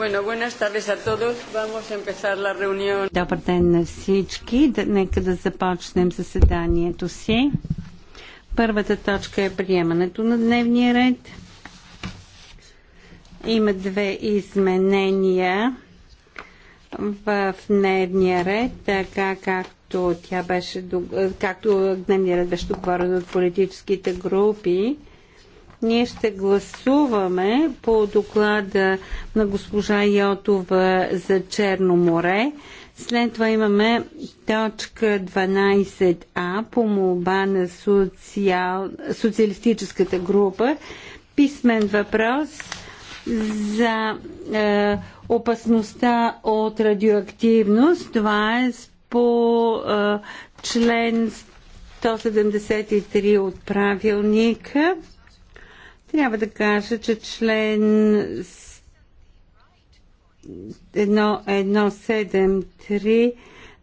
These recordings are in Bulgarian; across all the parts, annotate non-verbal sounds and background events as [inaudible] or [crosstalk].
Bueno, buenas tardes a todos. Vamos a empezar la reunión. Добър ден на всички. Нека да започнем заседанието си. Първата точка е приемането на дневния ред. Има две изменения в дневния ред, така както тя беше, както дневния ред беше договорен от политическите групи. Ние ще гласуваме по доклада на госпожа Йотова за Черно море. След това имаме точка 12а по молба на социал... социалистическата група. Писмен въпрос за е, опасността от радиоактивност. Това е по е, член 173 от правилника. Трябва да кажа, че член 1173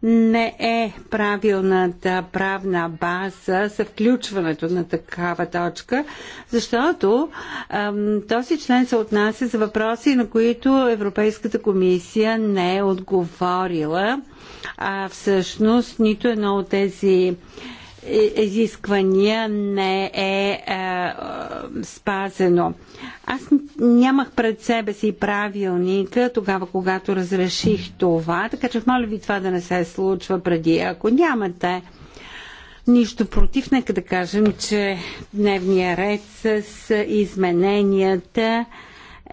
не е правилната правна база за включването на такава точка, защото ам, този член се отнася за въпроси, на които Европейската комисия не е отговорила, а всъщност нито едно от тези е, изисквания не е, е, спазено. Аз нямах пред себе си правилника тогава, когато разреших това, така че моля ви това да не се случва преди. Ако нямате Нищо против, нека да кажем, че дневния ред с измененията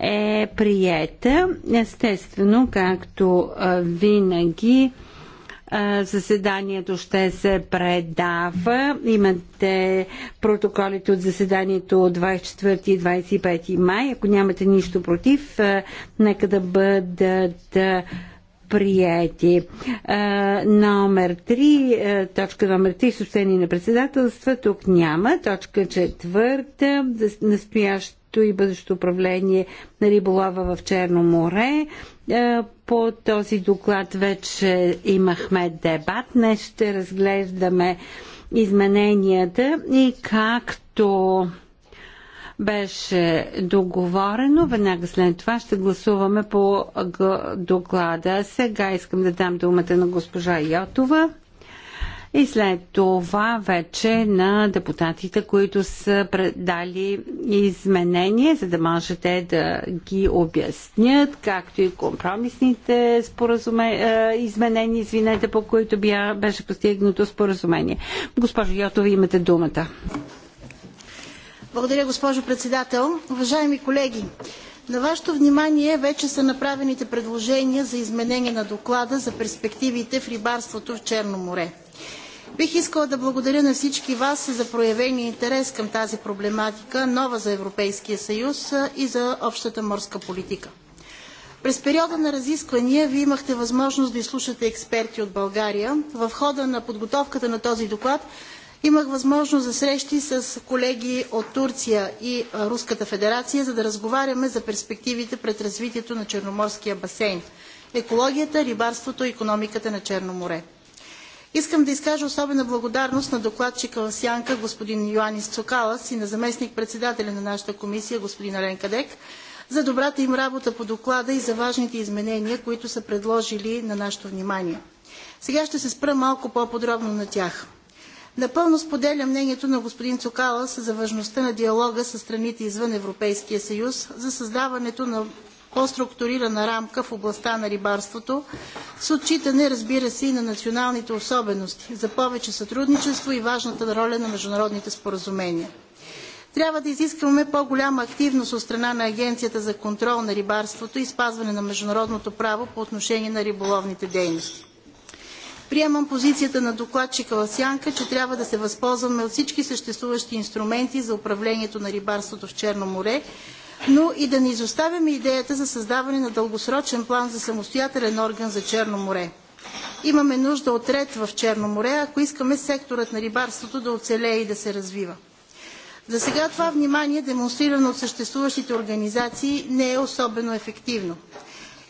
е приета. Естествено, както винаги, Заседанието ще се предава. Имате протоколите от заседанието от 24 и 25 май. Ако нямате нищо против, нека да бъдат приети. Номер 3, точка номер 3, съобщение на председателства, тук няма. Точка 4, настоящо и бъдещо управление на риболова в Черно море. По този доклад вече имахме дебат. Днес ще разглеждаме измененията и както беше договорено. Веднага след това ще гласуваме по доклада. Сега искам да дам думата на госпожа Йотова и след това вече на депутатите, които са предали изменения, за да можете да ги обяснят, както и компромисните споразуме... Е, изменения, извинете, по които бя... беше постигнато споразумение. Госпожо Йотова, имате думата. Благодаря, госпожо председател. Уважаеми колеги, на вашето внимание вече са направените предложения за изменение на доклада за перспективите в рибарството в Черно море. Бих искала да благодаря на всички вас за проявения интерес към тази проблематика, нова за Европейския съюз и за общата морска политика. През периода на разисквания вие имахте възможност да изслушате експерти от България. В хода на подготовката на този доклад имах възможност за срещи с колеги от Турция и Руската федерация, за да разговаряме за перспективите пред развитието на Черноморския басейн, екологията, рибарството и економиката на Черно море. Искам да изкажа особена благодарност на докладчика в Сянка, господин Йоанис Цокалас и на заместник-председателя на нашата комисия, господин Ален Кадек, за добрата им работа по доклада и за важните изменения, които са предложили на нашето внимание. Сега ще се спра малко по-подробно на тях. Напълно споделя мнението на господин Цокалас за важността на диалога с страните извън Европейския съюз за създаването на по-структурирана рамка в областта на рибарството, с отчитане, разбира се, и на националните особености, за повече сътрудничество и важната роля на международните споразумения. Трябва да изискваме по-голяма активност от страна на Агенцията за контрол на рибарството и спазване на международното право по отношение на риболовните дейности. Приемам позицията на докладчика в Сянка, че трябва да се възползваме от всички съществуващи инструменти за управлението на рибарството в Черно море, но и да не изоставяме идеята за създаване на дългосрочен план за самостоятелен орган за Черно море. Имаме нужда от ред в Черно море, ако искаме секторът на рибарството да оцелее и да се развива. За сега това внимание, демонстрирано от съществуващите организации, не е особено ефективно.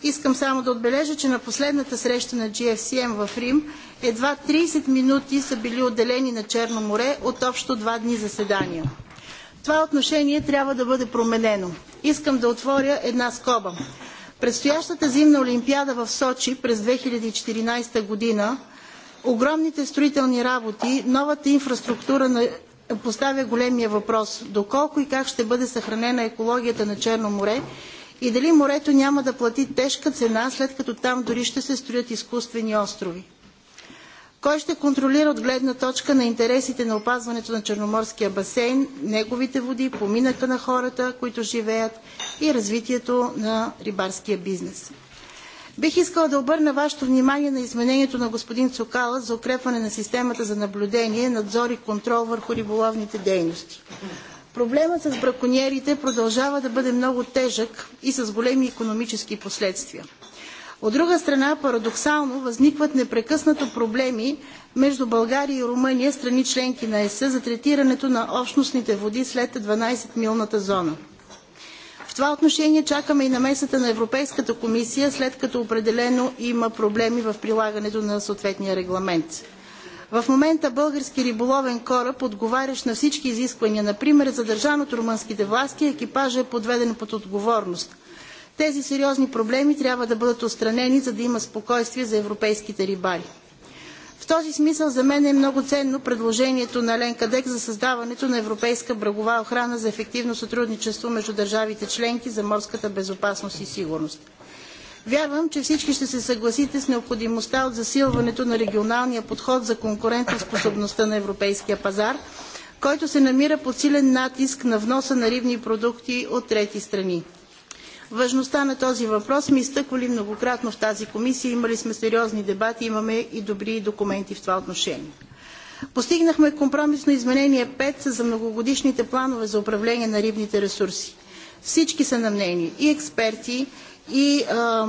Искам само да отбележа, че на последната среща на GFCM в Рим едва 30 минути са били отделени на Черно море от общо два дни заседания. Това отношение трябва да бъде променено. Искам да отворя една скоба. Предстоящата зимна олимпиада в Сочи през 2014 година, огромните строителни работи, новата инфраструктура на поставя големия въпрос – доколко и как ще бъде съхранена екологията на Черно море и дали морето няма да плати тежка цена, след като там дори ще се строят изкуствени острови. Кой ще контролира от гледна точка на интересите на опазването на Черноморския басейн, неговите води, поминъка на хората, които живеят и развитието на рибарския бизнес? Бих искала да обърна вашето внимание на изменението на господин Цокала за укрепване на системата за наблюдение, надзор и контрол върху риболовните дейности. Проблемът с браконьерите продължава да бъде много тежък и с големи економически последствия. От друга страна, парадоксално възникват непрекъснато проблеми между България и Румъния, страни членки на ЕС, за третирането на общностните води след 12-милната зона. В това отношение чакаме и намесата на Европейската комисия, след като определено има проблеми в прилагането на съответния регламент. В момента български риболовен кораб, отговарящ на всички изисквания, например задържан от румънските власти, екипажа е подведен под отговорност. Тези сериозни проблеми трябва да бъдат отстранени, за да има спокойствие за европейските рибари. В този смисъл за мен е много ценно предложението на Ленка Дек за създаването на Европейска брегова охрана за ефективно сътрудничество между държавите членки за морската безопасност и сигурност. Вярвам, че всички ще се съгласите с необходимостта от засилването на регионалния подход за конкурентоспособността на европейския пазар, който се намира под силен натиск на вноса на рибни продукти от трети страни. Важността на този въпрос сме изтъквали многократно в тази комисия, имали сме сериозни дебати, имаме и добри документи в това отношение. Постигнахме компромисно изменение 5 за многогодишните планове за управление на рибните ресурси. Всички са на мнение, и експерти, и а,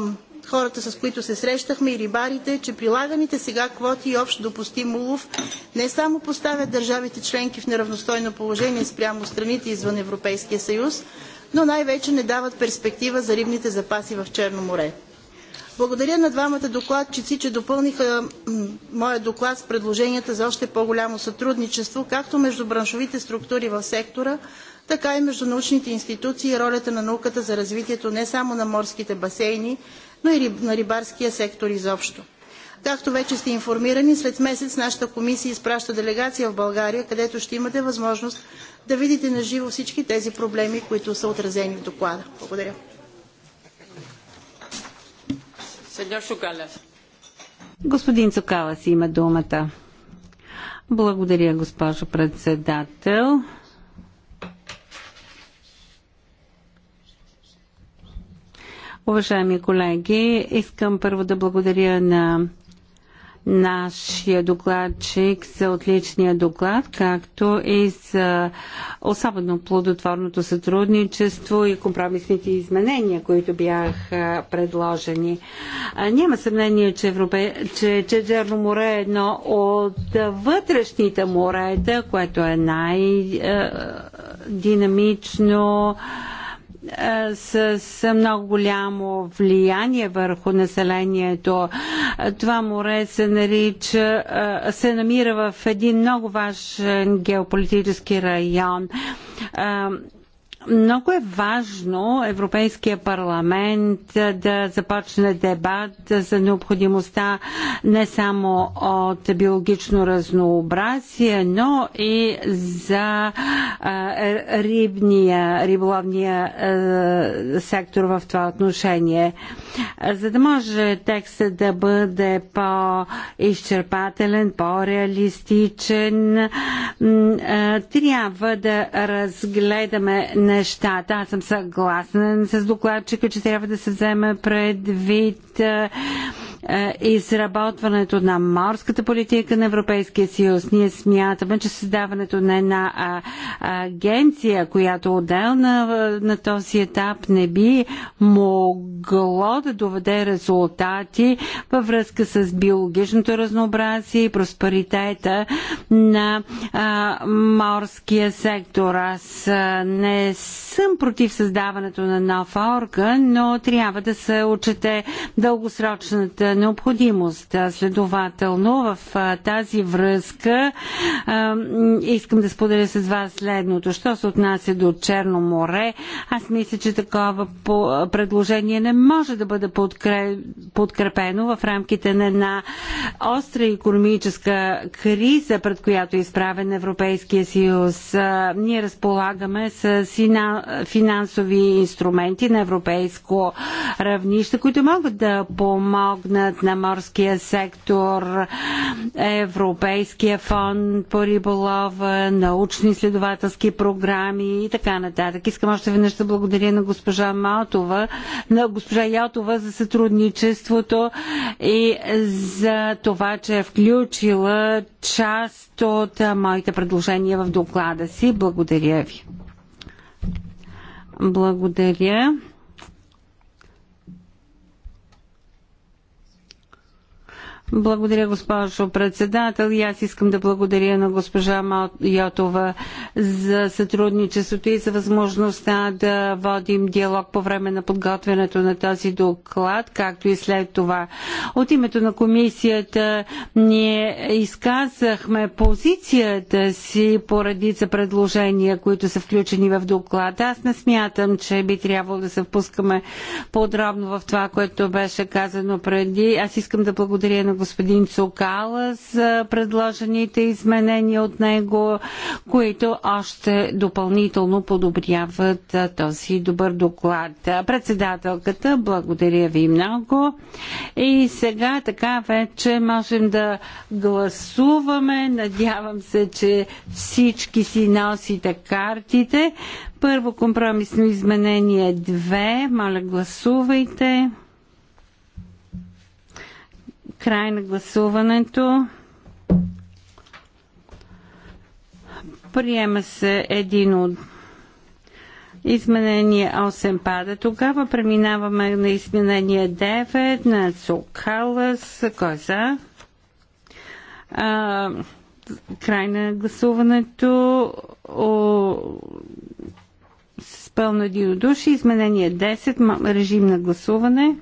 хората, с които се срещахме, и рибарите, че прилаганите сега квоти и общо допустим улов не само поставят държавите членки в неравностойно положение спрямо страните извън Европейския съюз, но най-вече не дават перспектива за рибните запаси в Черно море. Благодаря на двамата докладчици, че допълниха моя доклад с предложенията за още по-голямо сътрудничество, както между браншовите структури в сектора, така и между научните институции и ролята на науката за развитието не само на морските басейни, но и на рибарския сектор изобщо. Както вече сте информирани, след месец нашата комисия изпраща делегация в България, където ще имате възможност да видите на живо всички тези проблеми, които са отразени в доклада. Благодаря. Господин си има думата. Благодаря, госпожо председател. Уважаеми колеги, искам първо да благодаря на нашия докладчик за отличния доклад, както и за особено плодотворното сътрудничество и компромисните изменения, които бяха предложени. Няма съмнение, че, Европе... че Черно море е едно от вътрешните морета, което е най-динамично е, с, с много голямо влияние върху населението. Това море се нарича, е, се намира в един много важен геополитически район. Е, много е важно Европейския парламент да започне дебат за необходимостта не само от биологично разнообразие, но и за рибния, риболовния сектор в това отношение. За да може текстът да бъде по-изчерпателен, по-реалистичен, трябва да разгледаме на нещата. Аз съм съгласен с докладчика, че трябва да се вземе предвид е, изработването на морската политика на Европейския съюз. Ние смятаме, че създаването на една агенция, която отделна е, на този етап не би могло да доведе резултати във връзка с биологичното разнообразие и просперитета на морския сектор. Аз не съм против създаването на нов орган, но трябва да се отчете дългосрочната необходимост. Следователно, в тази връзка искам да споделя с вас следното. Що се отнася до Черно море, аз мисля, че такова предложение не може да бъде подкрепено в рамките на една остра економическа криза, пред която е изправен Европейския съюз. Ние разполагаме с финансови инструменти на европейско равнище, които могат да помогнат помогнат на морския сектор, Европейския фонд по риболова, научни изследователски програми и така нататък. Искам още веднъж да благодаря на госпожа Малтова, на госпожа Ялтова за сътрудничеството и за това, че е включила част от моите предложения в доклада си. Благодаря ви. Благодаря. Благодаря, госпожо председател. И аз искам да благодаря на госпожа Йотова за сътрудничеството и за възможността да водим диалог по време на подготвянето на този доклад, както и след това. От името на комисията ние изказахме позицията си поради за предложения, които са включени в доклада. Аз не смятам, че би трябвало да се впускаме подробно в това, което беше казано преди. Аз искам да благодаря на господин господин Цукала за предложените изменения от него, които още допълнително подобряват този добър доклад. Председателката, благодаря ви много. И сега така вече можем да гласуваме. Надявам се, че всички си носите картите. Първо компромисно изменение 2. Моля гласувайте. Край на гласуването. Приема се един от Изменение 8 пада. Тогава преминаваме на изменение 9 на Цукалас. Кой е за? А, край на гласуването о, с пълно единодушие. Изменение 10. Режим на гласуване.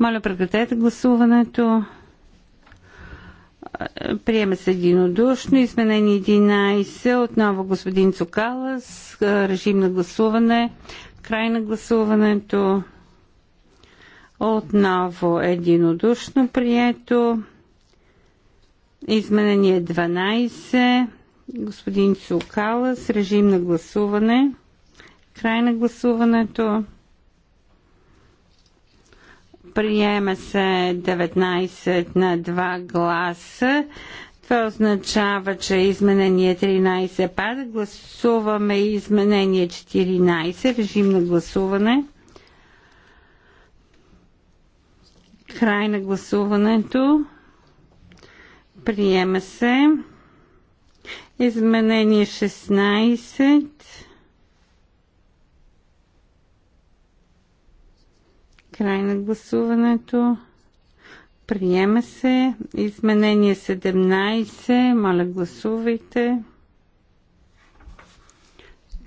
Моля, прекратете гласуването. Приема се единодушно. Изменение 11. Отново господин Цукалас. Режим на гласуване. Край на гласуването. Отново единодушно прието. Изменение 12. Господин Цукалас. Режим на гласуване. Край на гласуването. Приема се 19 на 2 гласа. Това означава, че изменение 13 пада. Гласуваме изменение 14. Режим на гласуване. Край на гласуването. Приема се. Изменение 16. Край на гласуването. Приема се. Изменение 17. Моля, гласувайте.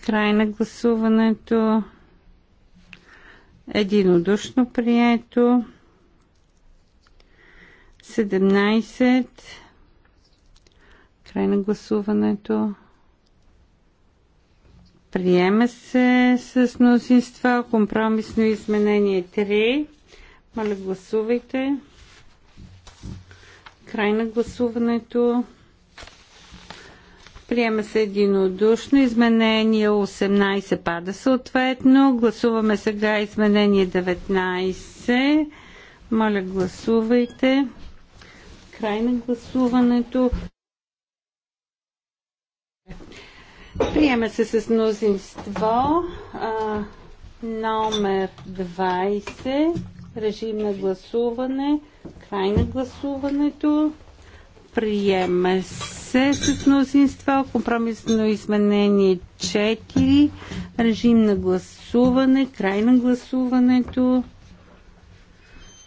Край на гласуването. Единодушно прието. 17. Край на гласуването. Приема се с мнозинство компромисно изменение 3. Моля, гласувайте. Край на гласуването. Приема се единодушно. Изменение 18 пада съответно. Гласуваме сега изменение 19. Моля, гласувайте. Край на гласуването. Приема се с мнозинство а, номер 20. Режим на гласуване. Край на гласуването. Приема се с мнозинство. Компромисно изменение 4. Режим на гласуване. Край на гласуването.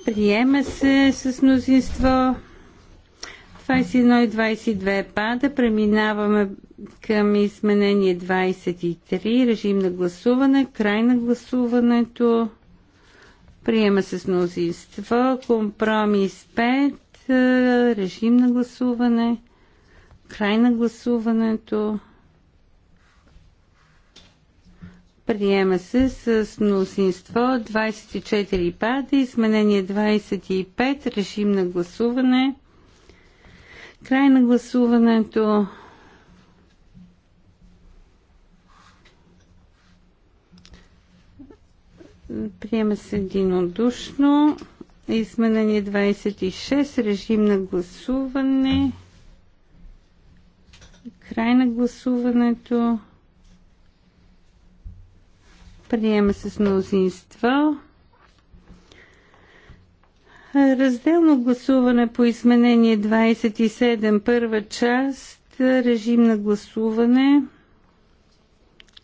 Приема се с мнозинство. 21 и 22 пада. Преминаваме към изменение 23. Режим на гласуване. Край на гласуването. Приема се с мнозинство. Компромис 5. Режим на гласуване. Край на гласуването. Приема се с мнозинство 24 пада. Изменение 25. Режим на гласуване. Край на гласуването. Приема се единодушно. Изменение 26. Режим на гласуване. Край на гласуването. Приема се с мнозинство. Разделно гласуване по изменение 27, първа част, режим на гласуване,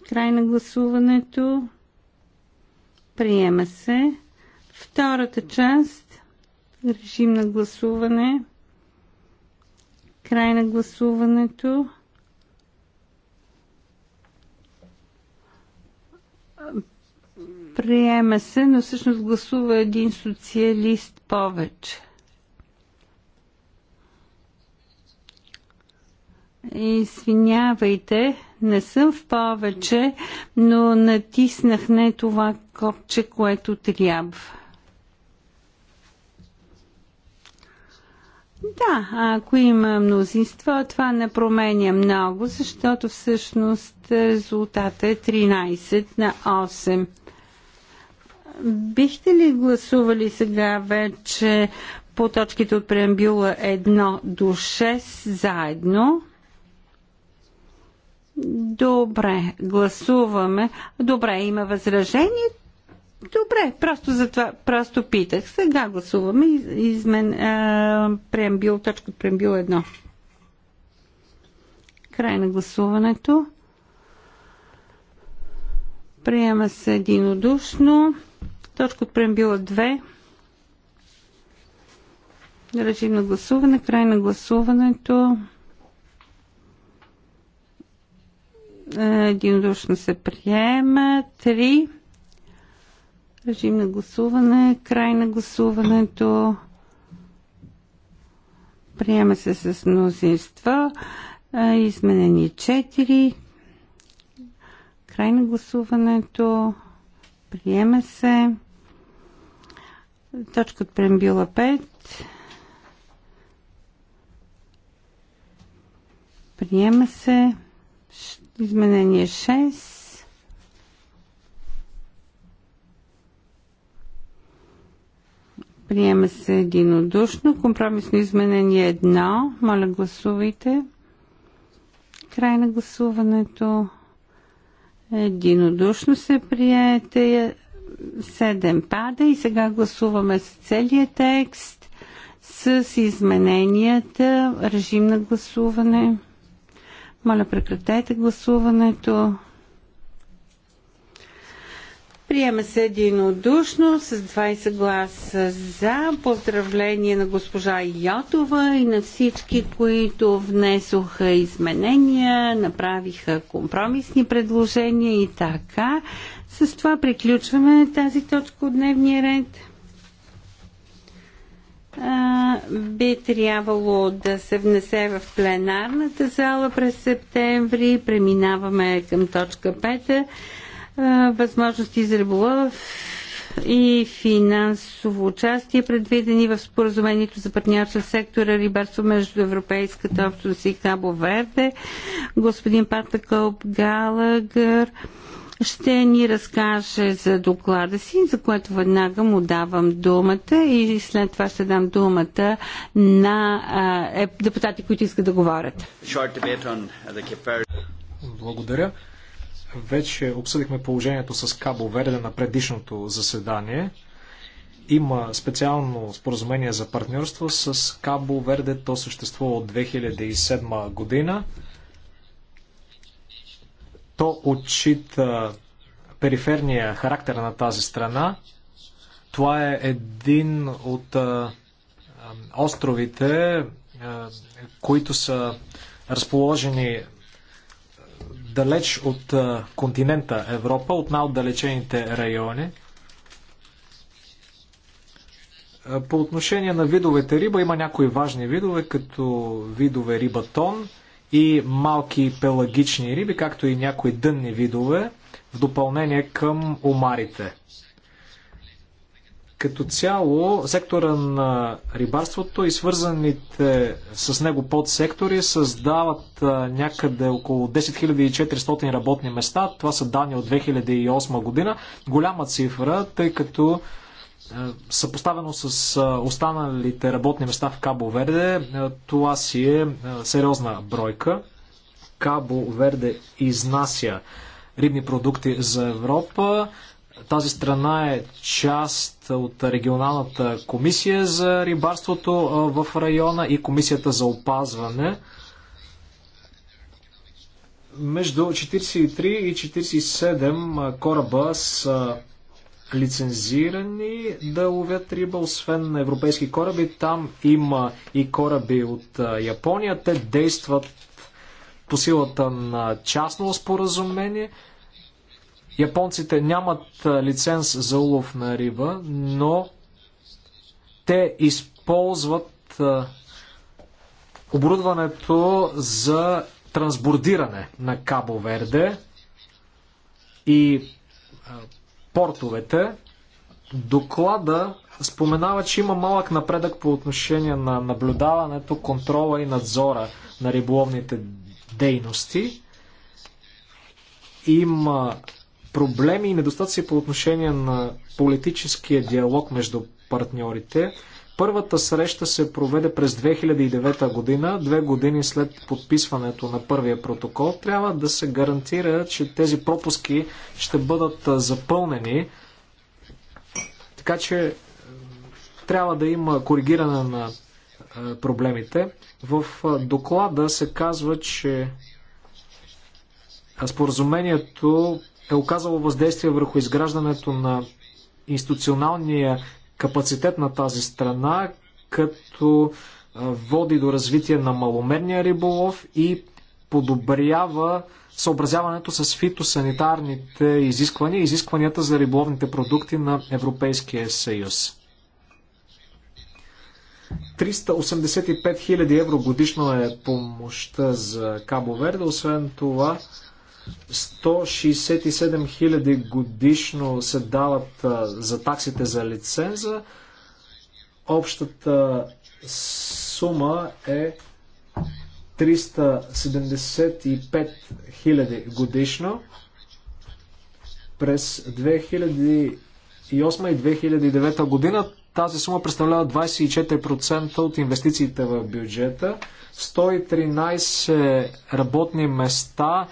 край на гласуването. Приема се. Втората част. Режим на гласуване. Край на гласуването. Приема се, но всъщност гласува един социалист повече. Извинявайте, не съм в повече, но натиснах не това копче, което трябва. Да, ако има мнозинство, това не променя много, защото всъщност резултата е 13 на 8. Бихте ли гласували сега вече по точките от преамбюла 1 до 6 заедно? Добре, гласуваме. Добре, има възражение. Добре, просто за това, просто питах. Сега гласуваме измен а, преамбил, точка преамбил едно. Край на гласуването. Приема се единодушно. Точка от преамбила 2. Е Режим на гласуване. Край на гласуването. единодушно се приема. 3. Режим на гласуване, край на гласуването. Приема се с мнозинство. Изменени 4. Край на гласуването. Приема се. Точка от прембила 5. Приема се. Изменение 6. Приема се единодушно. Компромисно изменение 1. Моля гласувайте. Край на гласуването. Единодушно се приете. 7 пада и сега гласуваме с целия текст с измененията. Режим на гласуване. Моля, прекратете гласуването. Приема се единодушно с 20 гласа за. Поздравление на госпожа Йотова и на всички, които внесоха изменения, направиха компромисни предложения и така. С това приключваме тази точка от дневния ред би трябвало да се внесе в пленарната зала през септември. Преминаваме към точка 5. Възможности за риболов и финансово участие, предвидени в споразумението за партньорство в сектора рибарство между Европейската общност и Кабо Верде. Господин Патакълб Галагър ще ни разкаже за доклада си, за което веднага му давам думата и след това ще дам думата на а, е, депутати, които искат да говорят. Благодаря. Вече обсъдихме положението с Кабо Верде на предишното заседание. Има специално споразумение за партньорство с Кабо Верде. То съществува от 2007 година. То отчита периферния характер на тази страна. Това е един от островите, които са разположени далеч от континента Европа, от най-отдалечените райони. По отношение на видовете риба има някои важни видове, като видове риба тон и малки пелагични риби, както и някои дънни видове, в допълнение към омарите. Като цяло, сектора на рибарството и свързаните с него подсектори създават някъде около 10 400 работни места. Това са данни от 2008 година. Голяма цифра, тъй като е, съпоставено с е, останалите работни места в Кабо Верде, е, това си е сериозна бройка. Кабо Верде изнася рибни продукти за Европа. Тази страна е част от регионалната комисия за рибарството в района и комисията за опазване. Между 43 и 47 кораба са лицензирани да ловят риба, освен на европейски кораби. Там има и кораби от Япония. Те действат по силата на частно споразумение. Японците нямат лиценз за улов на риба, но те използват оборудването за трансбордиране на Кабо Верде и портовете. Доклада споменава, че има малък напредък по отношение на наблюдаването, контрола и надзора на риболовните дейности. Има проблеми и недостатъци по отношение на политическия диалог между партньорите. Първата среща се проведе през 2009 година, две години след подписването на първия протокол. Трябва да се гарантира, че тези пропуски ще бъдат запълнени, така че трябва да има коригиране на проблемите. В доклада се казва, че споразумението е оказало въздействие върху изграждането на институционалния капацитет на тази страна, като води до развитие на маломерния риболов и подобрява съобразяването с фитосанитарните изисквания и изискванията за риболовните продукти на Европейския съюз. 385 000 евро годишно е помощта за Кабо Верде. Освен това, 167 хиляди годишно се дават за таксите за лиценза. Общата сума е 375 хиляди годишно. През 2008 и 2009 година тази сума представлява 24% от инвестициите в бюджета, 113 работни места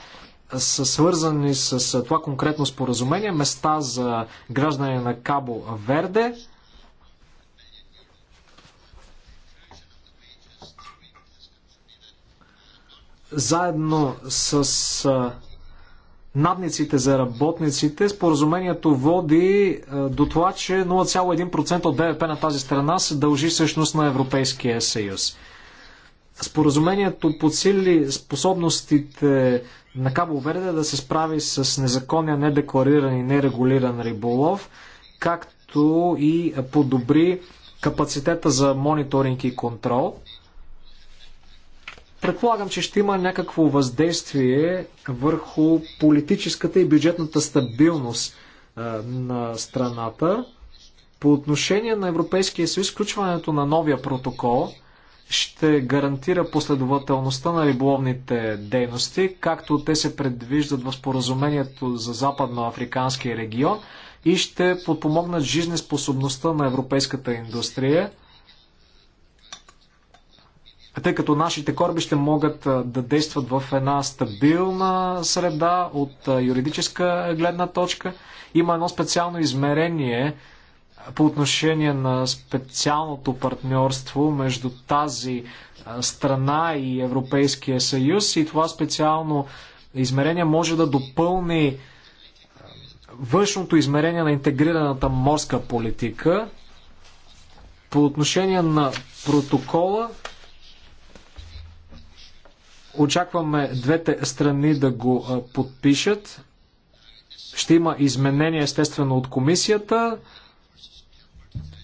са свързани с това конкретно споразумение, места за граждане на Кабо Верде. Заедно с надниците за работниците, споразумението води до това, че 0,1% от БВП на тази страна се дължи всъщност на Европейския съюз. Споразумението подсили способностите на Кабо Верде да се справи с незаконния, недеклариран и нерегулиран риболов, както и подобри капацитета за мониторинг и контрол. Предполагам, че ще има някакво въздействие върху политическата и бюджетната стабилност на страната. По отношение на Европейския съюз, включването на новия протокол – ще гарантира последователността на риболовните дейности, както те се предвиждат в споразумението за Западноафриканския регион и ще подпомогнат жизнеспособността на европейската индустрия, тъй като нашите кораби ще могат да действат в една стабилна среда от юридическа гледна точка. Има едно специално измерение – по отношение на специалното партньорство между тази страна и Европейския съюз и това специално измерение може да допълни външното измерение на интегрираната морска политика. По отношение на протокола, очакваме двете страни да го подпишат. Ще има изменения, естествено, от комисията.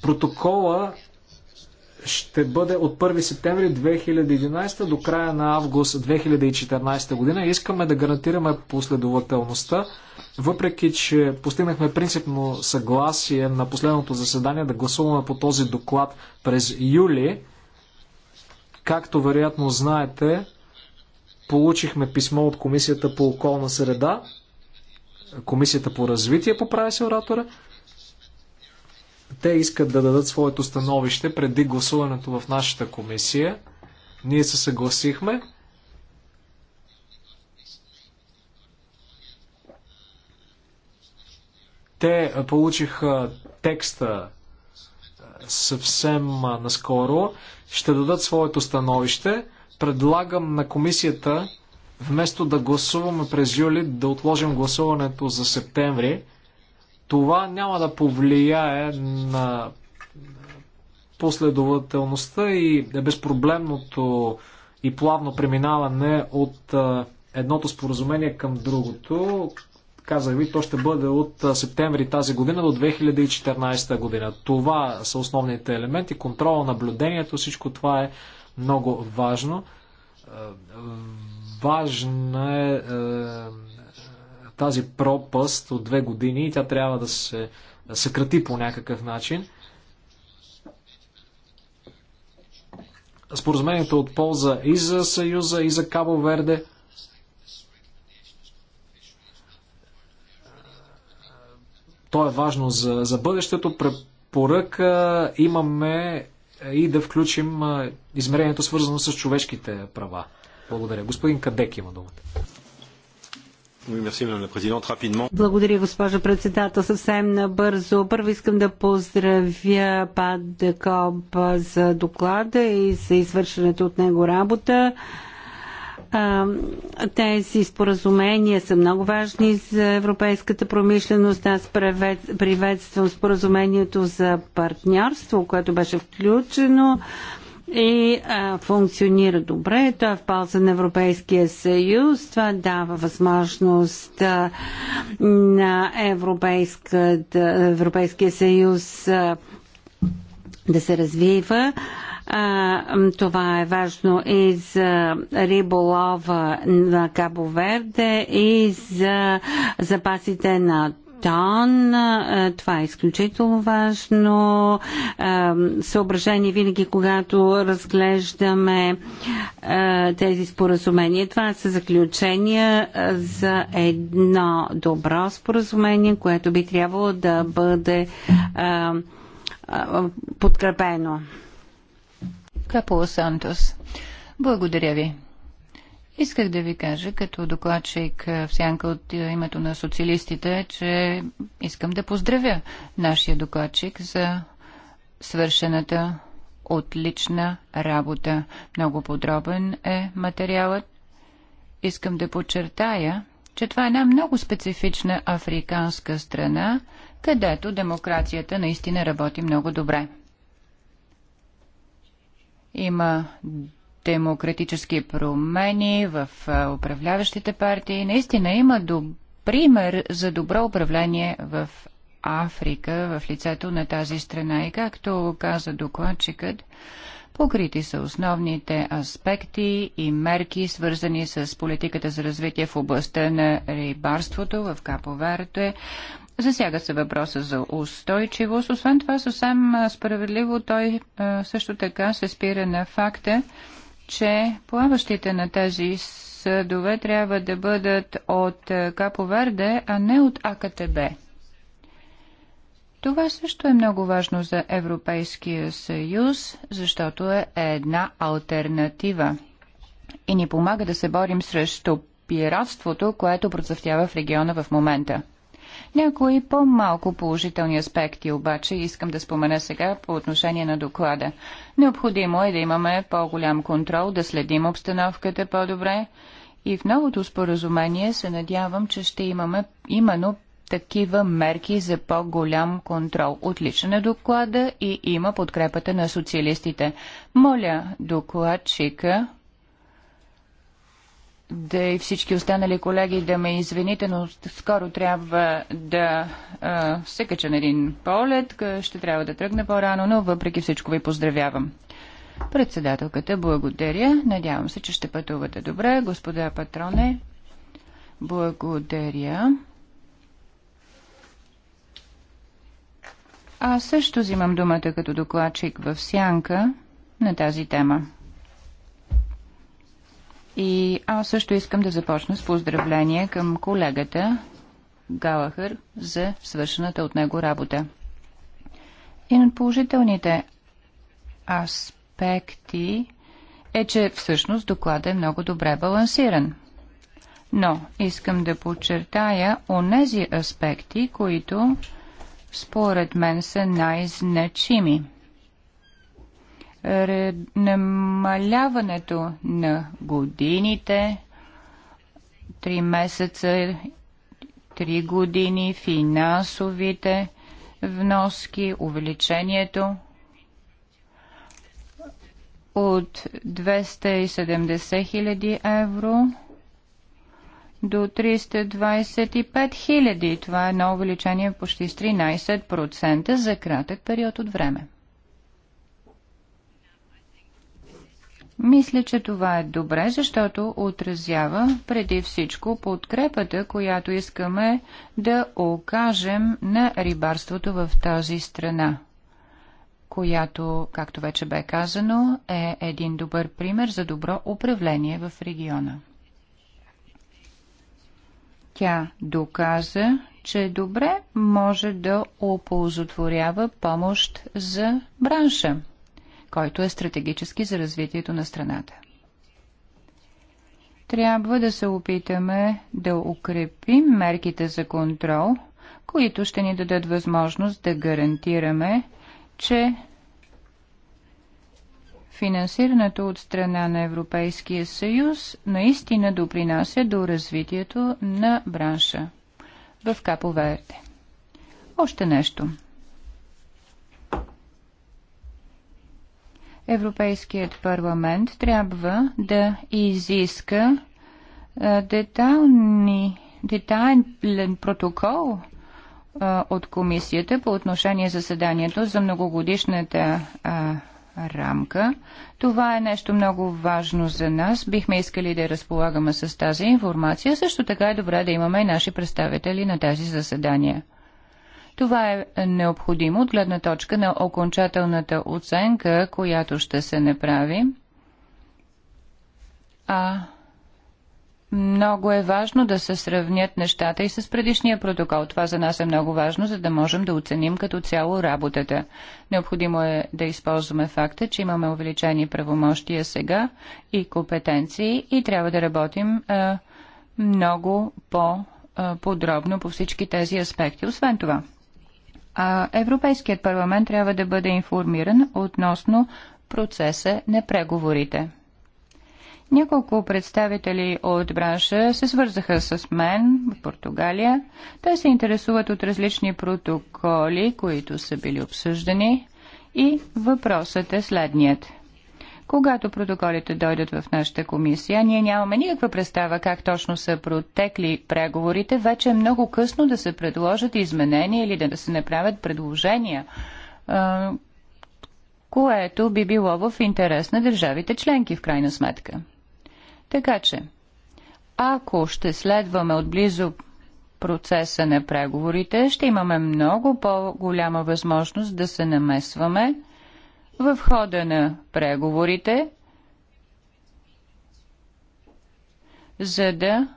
Протокола ще бъде от 1 септември 2011 до края на август 2014 година. Искаме да гарантираме последователността, въпреки че постигнахме принципно съгласие на последното заседание да гласуваме по този доклад през юли. Както вероятно знаете, получихме писмо от Комисията по околна среда, Комисията по развитие, поправи се оратора, те искат да дадат своето становище преди гласуването в нашата комисия. Ние се съгласихме. Те получиха текста съвсем наскоро. Ще дадат своето становище. Предлагам на комисията вместо да гласуваме през юли, да отложим гласуването за септември това няма да повлияе на последователността и безпроблемното и плавно преминаване от едното споразумение към другото. Казах ви, то ще бъде от септември тази година до 2014 година. Това са основните елементи. Контрола, наблюдението, всичко това е много важно. Важна е тази пропаст от две години и тя трябва да се съкрати по някакъв начин. Споразумението от полза и за Съюза, и за Кабо Верде. То е важно за, за бъдещето. Препоръка имаме и да включим измерението свързано с човешките права. Благодаря. Господин Кадек има думата. Благодаря, госпожо председател. Съвсем набързо. Първо искам да поздравя Пад Декоб за доклада и за извършената от него работа. Тези споразумения са много важни за европейската промишленост. Аз приветствам споразумението за партньорство, което беше включено и а, функционира добре. Той е в полза на Европейския съюз. Това дава възможност а, на Европейския съюз а, да се развива. А, това е важно и за риболова на Кабо Верде и за запасите на тон. Това е изключително важно. Съображение винаги, когато разглеждаме тези споразумения. Това са заключения за едно добро споразумение, което би трябвало да бъде подкрепено. Капо Сантос, благодаря ви. Исках да ви кажа, като докладчик в сянка от името на социалистите, че искам да поздравя нашия докладчик за свършената отлична работа. Много подробен е материалът. Искам да подчертая, че това е една много специфична африканска страна, където демокрацията наистина работи много добре. Има демократически промени в управляващите партии. Наистина има пример за добро управление в Африка в лицето на тази страна. И както каза докладчикът, покрити са основните аспекти и мерки, свързани с политиката за развитие в областта на рибарството в Каповерте. Засяга се въпроса за устойчивост. Освен това, съвсем справедливо той също така се спира на факта, че плаващите на тези съдове трябва да бъдат от Капо Верде, а не от АКТБ. Това също е много важно за Европейския съюз, защото е една альтернатива и ни помага да се борим срещу пиратството, което процъфтява в региона в момента. Някои по-малко положителни аспекти обаче искам да спомена сега по отношение на доклада. Необходимо е да имаме по-голям контрол, да следим обстановката по-добре и в новото споразумение се надявам, че ще имаме именно такива мерки за по-голям контрол. Отличен е доклада и има подкрепата на социалистите. Моля докладчика да и всички останали колеги да ме извините, но скоро трябва да а, се кача на един полет. Ще трябва да тръгна по-рано, но въпреки всичко ви поздравявам. Председателката, благодаря. Надявам се, че ще пътувате добре. Господа патроне, благодаря. Аз също взимам думата като докладчик в сянка на тази тема. И аз също искам да започна с поздравление към колегата Галахър за свършената от него работа. И на положителните аспекти е, че всъщност докладът е много добре балансиран. Но искам да подчертая онези аспекти, които според мен са най-значими – намаляването на годините, 3 месеца, 3 години, финансовите вноски, увеличението от 270 хиляди евро до 325 хиляди. Това е едно увеличение почти с 13% за кратък период от време. Мисля, че това е добре, защото отразява преди всичко подкрепата, която искаме да окажем на рибарството в тази страна, която, както вече бе казано, е един добър пример за добро управление в региона. Тя доказа, че добре може да оползотворява помощ за бранша – който е стратегически за развитието на страната. Трябва да се опитаме да укрепим мерките за контрол, които ще ни дадат възможност да гарантираме, че финансирането от страна на Европейския съюз наистина допринася до развитието на бранша в Каповерде. Още нещо – Европейският парламент трябва да изиска детални, детайлен протокол от комисията по отношение заседанието за многогодишната а, рамка. Това е нещо много важно за нас. Бихме искали да разполагаме с тази информация. Също така е добре да имаме и наши представители на тези заседания. Това е необходимо от гледна точка на окончателната оценка, която ще се направи. А много е важно да се сравнят нещата и с предишния протокол. Това за нас е много важно, за да можем да оценим като цяло работата. Необходимо е да използваме факта, че имаме увеличени правомощия сега и компетенции и трябва да работим а, много по-подробно по всички тези аспекти. Освен това, а, Европейският парламент трябва да бъде информиран относно процеса на преговорите. Няколко представители от бранша се свързаха с мен в Португалия. Те се интересуват от различни протоколи, които са били обсъждани и въпросът е следният. Когато протоколите дойдат в нашата комисия, ние нямаме никаква представа как точно са протекли преговорите. Вече е много късно да се предложат изменения или да се направят предложения, което би било в интерес на държавите членки, в крайна сметка. Така че, ако ще следваме отблизо процеса на преговорите, ще имаме много по-голяма възможност да се намесваме в хода на преговорите, за да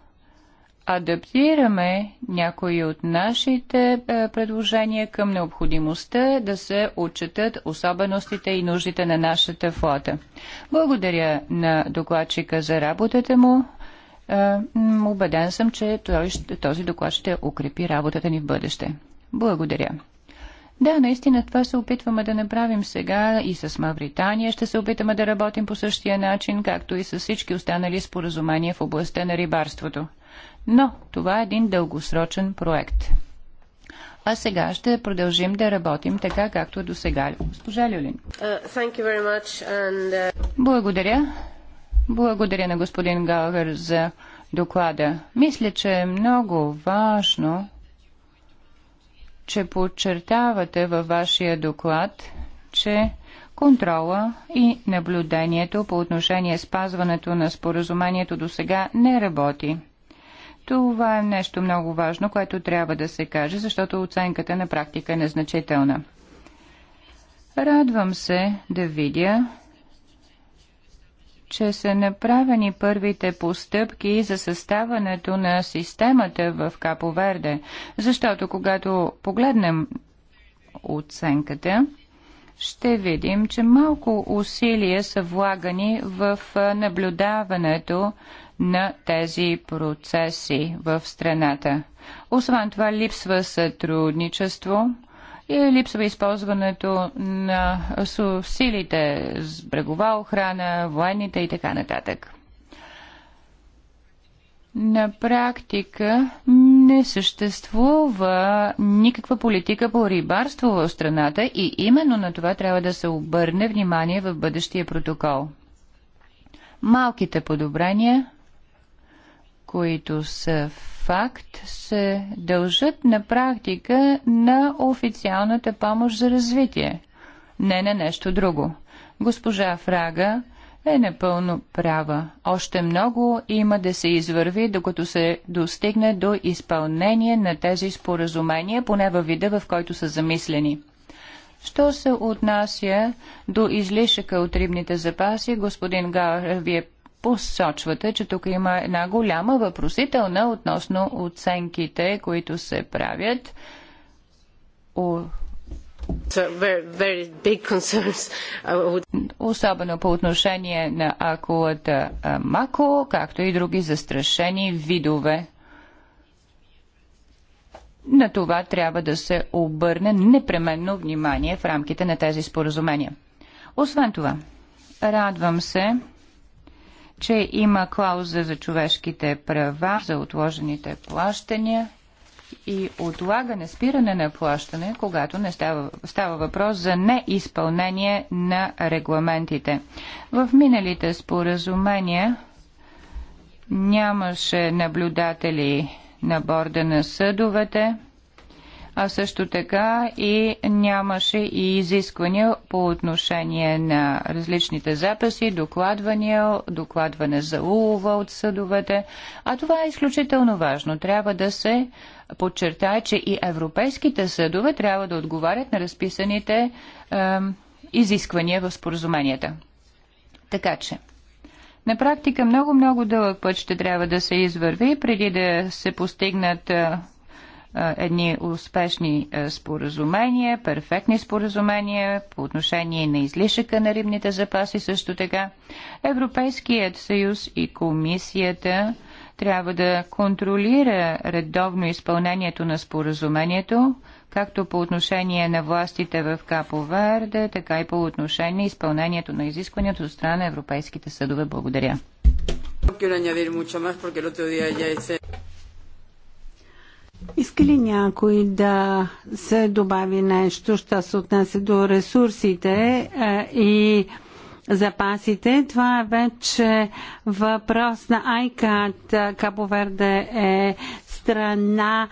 адаптираме някои от нашите е, предложения към необходимостта да се отчетат особеностите и нуждите на нашата флота. Благодаря на докладчика за работата му. Е, убеден съм, че този доклад ще укрепи работата ни в бъдеще. Благодаря. Да, наистина това се опитваме да направим сега и с Мавритания. Ще се опитаме да работим по същия начин, както и с всички останали споразумения в областта на рибарството. Но това е един дългосрочен проект. А сега ще продължим да работим така, както до сега. Госпожа Люлин. Uh, uh, Благодаря. Благодаря на господин Галгар за доклада. Мисля, че е много важно че подчертавате във вашия доклад, че контрола и наблюдението по отношение спазването на споразумението до сега не работи. Това е нещо много важно, което трябва да се каже, защото оценката на практика е незначителна. Радвам се да видя, че са направени първите постъпки за съставането на системата в Каповерде, защото когато погледнем оценката, ще видим, че малко усилия са влагани в наблюдаването на тези процеси в страната. Освен това липсва сътрудничество и липсва използването на силите с брегова охрана, военните и така нататък. На практика не съществува никаква политика по рибарство в страната и именно на това трябва да се обърне внимание в бъдещия протокол. Малките подобрения – които са факт, се дължат на практика на официалната помощ за развитие, не на нещо друго. Госпожа Фрага е напълно права. Още много има да се извърви, докато се достигне до изпълнение на тези споразумения, поне във вида, в който са замислени. Що се отнася до излишъка от рибните запаси, господин Гар, вие посочвате, че тук има една голяма въпросителна относно оценките, които се правят. О... Very, very would... Особено по отношение на акулата мако, както и други застрашени видове. На това трябва да се обърне непременно внимание в рамките на тези споразумения. Освен това, радвам се, че има клауза за човешките права, за отложените плащания и отлагане, спиране на плащане, когато не става, става въпрос за неизпълнение на регламентите. В миналите споразумения нямаше наблюдатели на борда на съдовете – а също така и нямаше и изисквания по отношение на различните записи, докладвания, докладване за улова от съдовете. А това е изключително важно. Трябва да се подчертае, че и европейските съдове трябва да отговарят на разписаните е, изисквания в споразуменията. Така че. На практика много-много дълъг път ще трябва да се извърви, преди да се постигнат е, е, едни успешни е, споразумения, перфектни споразумения по отношение на излишъка на рибните запаси също така. Европейският съюз и комисията трябва да контролира редовно изпълнението на споразумението, както по отношение на властите в Капо Верде, така и по отношение на изпълнението на изискването от страна на европейските съдове. Благодаря. Иска ли някой да се добави нещо, що се отнесе до ресурсите е, и запасите? Това е вече въпрос на ICAT. Кабо Верде е страна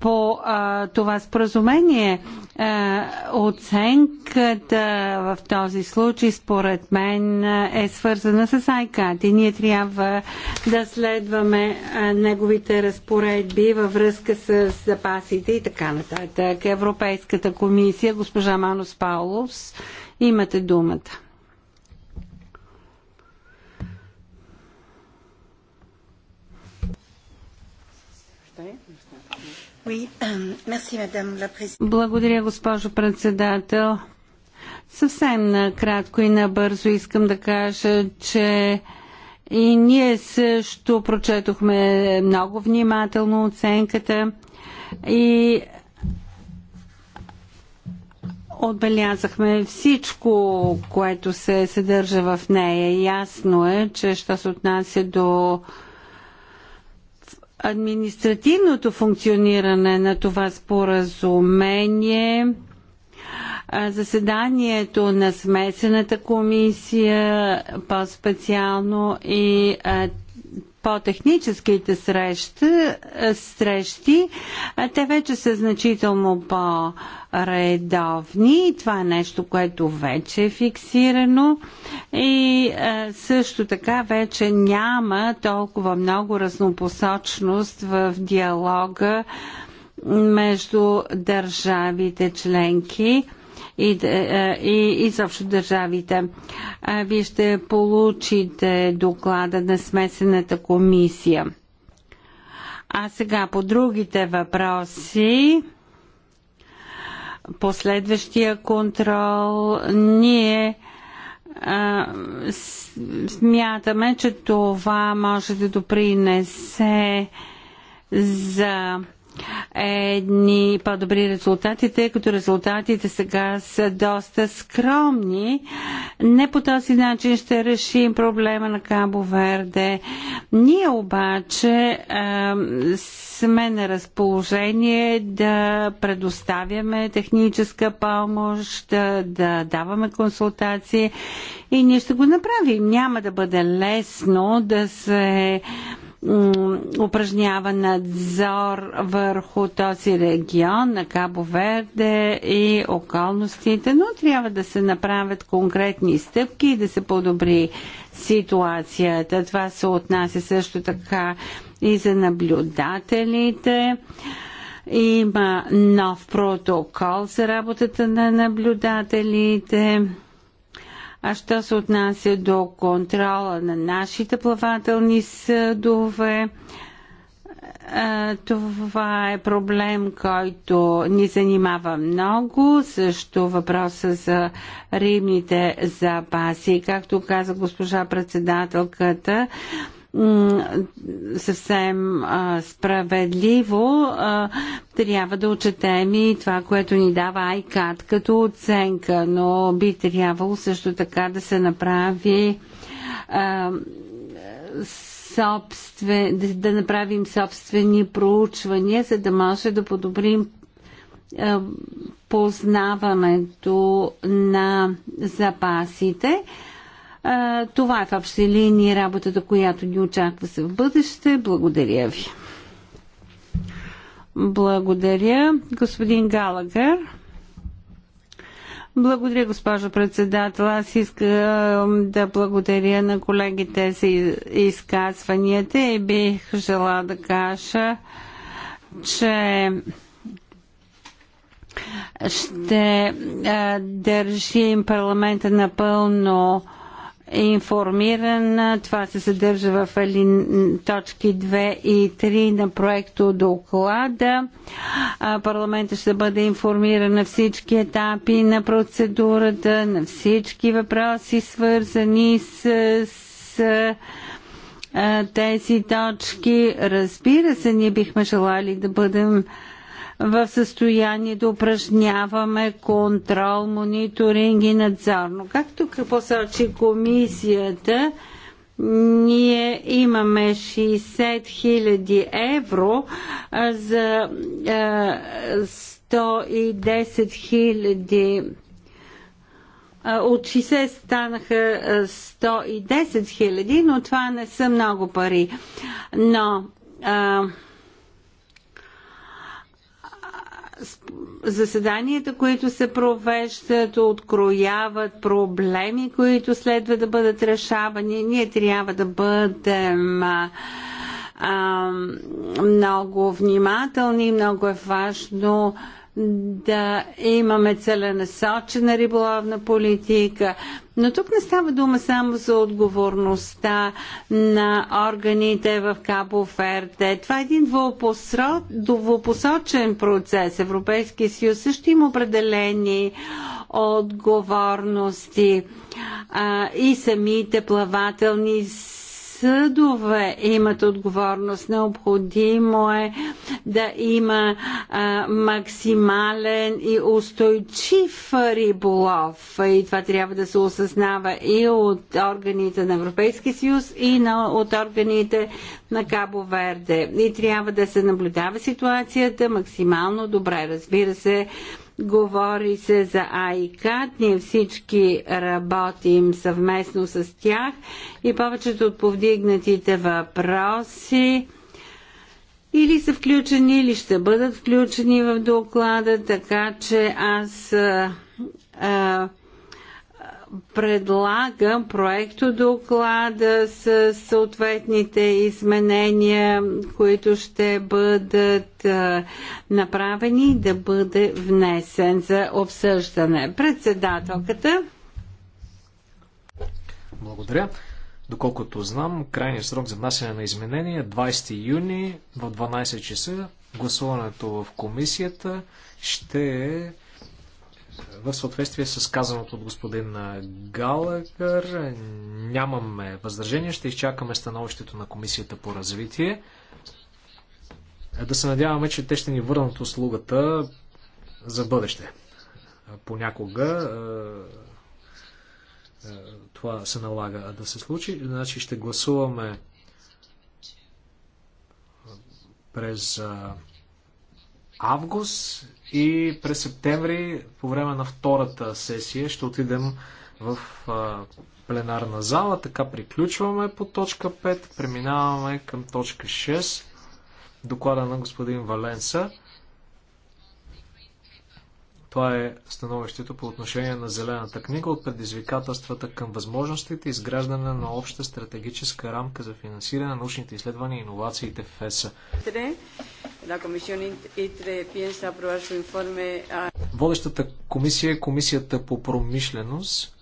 по а, това споразумение. А, оценката в този случай, според мен, е свързана с ICAT и ние трябва да следваме а, неговите разпоредби във връзка с запасите и така нататък. Европейската комисия, госпожа Манос Паулос, имате думата. [clears throat] Благодаря, госпожо председател. Съвсем накратко и набързо искам да кажа, че и ние също прочетохме много внимателно оценката и отбелязахме всичко, което се съдържа в нея. Ясно е, че що се отнася до административното функциониране на това споразумение, заседанието на смесената комисия по-специално и по-техническите е, срещи, срещи, те вече са значително по-редовни. Това е нещо, което вече е фиксирано и е, също така вече няма толкова много разнопосочност в диалога между държавите членки и, е, е, и изобщо държавите. Вие ще получите доклада на смесената комисия. А сега по другите въпроси последващия контрол, ние а, смятаме, че това може да допринесе за едни по-добри резултати, тъй като резултатите сега са доста скромни. Не по този начин ще решим проблема на Кабо Верде. Ние обаче сме на разположение да предоставяме техническа помощ, да, да даваме консултации и ние ще го направим. Няма да бъде лесно да се а, упражнява надзор върху този регион на Кабо Верде и околностите, но трябва да се направят конкретни стъпки и да се подобри ситуацията. Това се отнася също така и за наблюдателите. Има нов протокол за работата на наблюдателите а що се отнася до контрола на нашите плавателни съдове, е, това е проблем, който ни занимава много. Също въпроса за рибните запаси. Както каза госпожа председателката, съвсем а, справедливо а, трябва да отчетем и това, което ни дава ICAT като оценка, но би трябвало също така да се направи а, собствен, да, да направим собствени проучвания, за да може да подобрим а, познаването на запасите. А, това е в общи линии работата, която ни очаква се в бъдеще. Благодаря ви. Благодаря, господин Галагер. Благодаря, госпожо председател. Аз искам да благодаря на колегите за изказванията и бих жела да кажа, че ще държим парламента напълно информирана. Това се съдържа в точки 2 и 3 на проекто доклада. Парламента ще бъде информиран на всички етапи на процедурата, на всички въпроси, свързани с, с тези точки. Разбира се, ние бихме желали да бъдем в състояние да упражняваме контрол, мониторинг и надзор. Но както посочи комисията, ние имаме 60 000 евро а, за а, 110 хиляди от 60 станаха 110 хиляди, но това не са много пари. Но а, заседанията, които се провеждат, открояват проблеми, които следва да бъдат решавани. Ние трябва да бъдем а, много внимателни, много е важно да имаме целенасочена риболовна политика. Но тук не става дума само за отговорността на органите в Кабо Ферте. Това е един двупосочен процес. Европейския съюз също има определени отговорности а, и самите плавателни съдове имат отговорност. Необходимо е да има а, максимален и устойчив риболов. И това трябва да се осъзнава и от органите на Европейския съюз, и на, от органите на Кабо Верде. И трябва да се наблюдава ситуацията максимално добре. Разбира се, говори се за АИКАТ, ние всички работим съвместно с тях и повечето от повдигнатите въпроси или са включени, или ще бъдат включени в доклада, така че аз а, а, предлагам проектодоклада доклада с съответните изменения, които ще бъдат направени да бъде внесен за обсъждане. Председателката. Благодаря. Доколкото знам, крайният срок за внасяне на изменения 20 е юни в 12 часа. Гласуването в комисията ще е в съответствие с казаното от господин Галагър, нямаме възражение, ще изчакаме становището на Комисията по развитие. Да се надяваме, че те ще ни върнат услугата за бъдеще. Понякога това се налага да се случи. Значи ще гласуваме през август и през септември по време на втората сесия ще отидем в пленарна зала. Така приключваме по точка 5. Преминаваме към точка 6. Доклада на господин Валенса. Това е становището по отношение на Зелената книга от предизвикателствата към възможностите изграждане на обща стратегическа рамка за финансиране на научните изследвания и иновациите в ЕСА. E Водещата комисия е комисията по промишленост.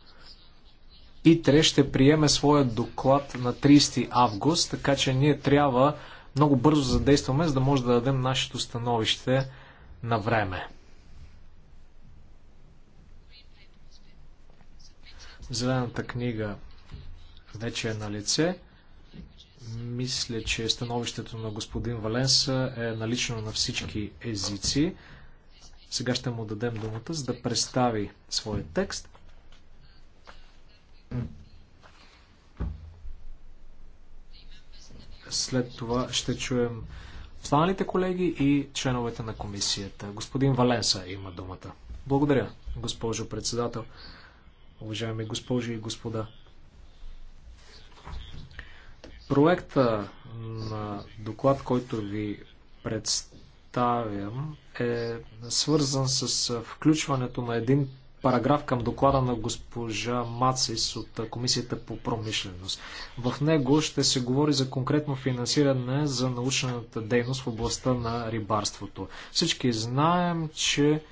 ИТРЕ ще приеме своя доклад на 30 август, така че ние трябва много бързо задействаме, за да може да дадем нашето становище на време. Зелената книга вече е на лице. Мисля, че становището на господин Валенса е налично на всички езици. Сега ще му дадем думата, за да представи своя текст. След това ще чуем останалите колеги и членовете на комисията. Господин Валенса има думата. Благодаря, госпожо председател. Уважаеми госпожи и господа. Проекта на доклад, който ви представям, е свързан с включването на един параграф към доклада на госпожа Мацис от Комисията по промишленост. В него ще се говори за конкретно финансиране за научната дейност в областта на рибарството. Всички знаем, че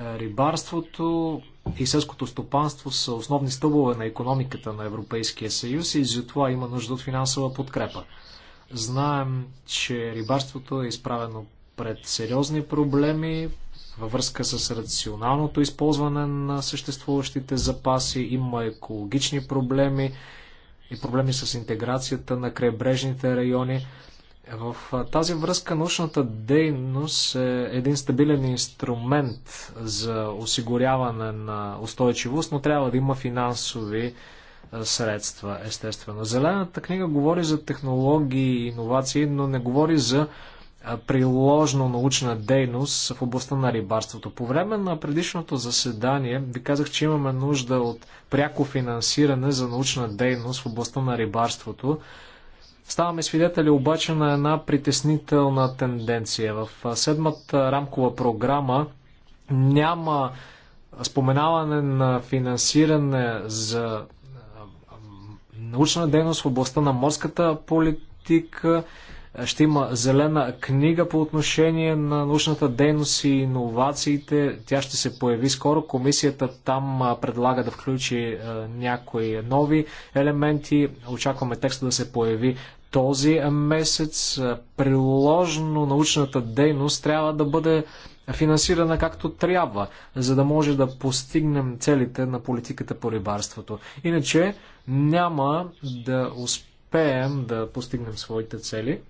рибарството и селското стопанство са основни стълбове на економиката на Европейския съюз и затова има нужда от финансова подкрепа. Знаем, че рибарството е изправено пред сериозни проблеми във връзка с рационалното използване на съществуващите запаси, има екологични проблеми и проблеми с интеграцията на крайбрежните райони. В тази връзка научната дейност е един стабилен инструмент за осигуряване на устойчивост, но трябва да има финансови средства, естествено. Зелената книга говори за технологии и иновации, но не говори за приложно научна дейност в областта на рибарството. По време на предишното заседание ви казах, че имаме нужда от пряко финансиране за научна дейност в областта на рибарството. Ставаме свидетели обаче на една притеснителна тенденция. В седмата рамкова програма няма споменаване на финансиране за научна дейност в областта на морската политика. Ще има зелена книга по отношение на научната дейност и иновациите. Тя ще се появи скоро. Комисията там предлага да включи някои нови елементи. Очакваме текста да се появи този месец. приложено научната дейност трябва да бъде финансирана както трябва, за да може да постигнем целите на политиката по рибарството. Иначе няма да успеем да постигнем своите цели.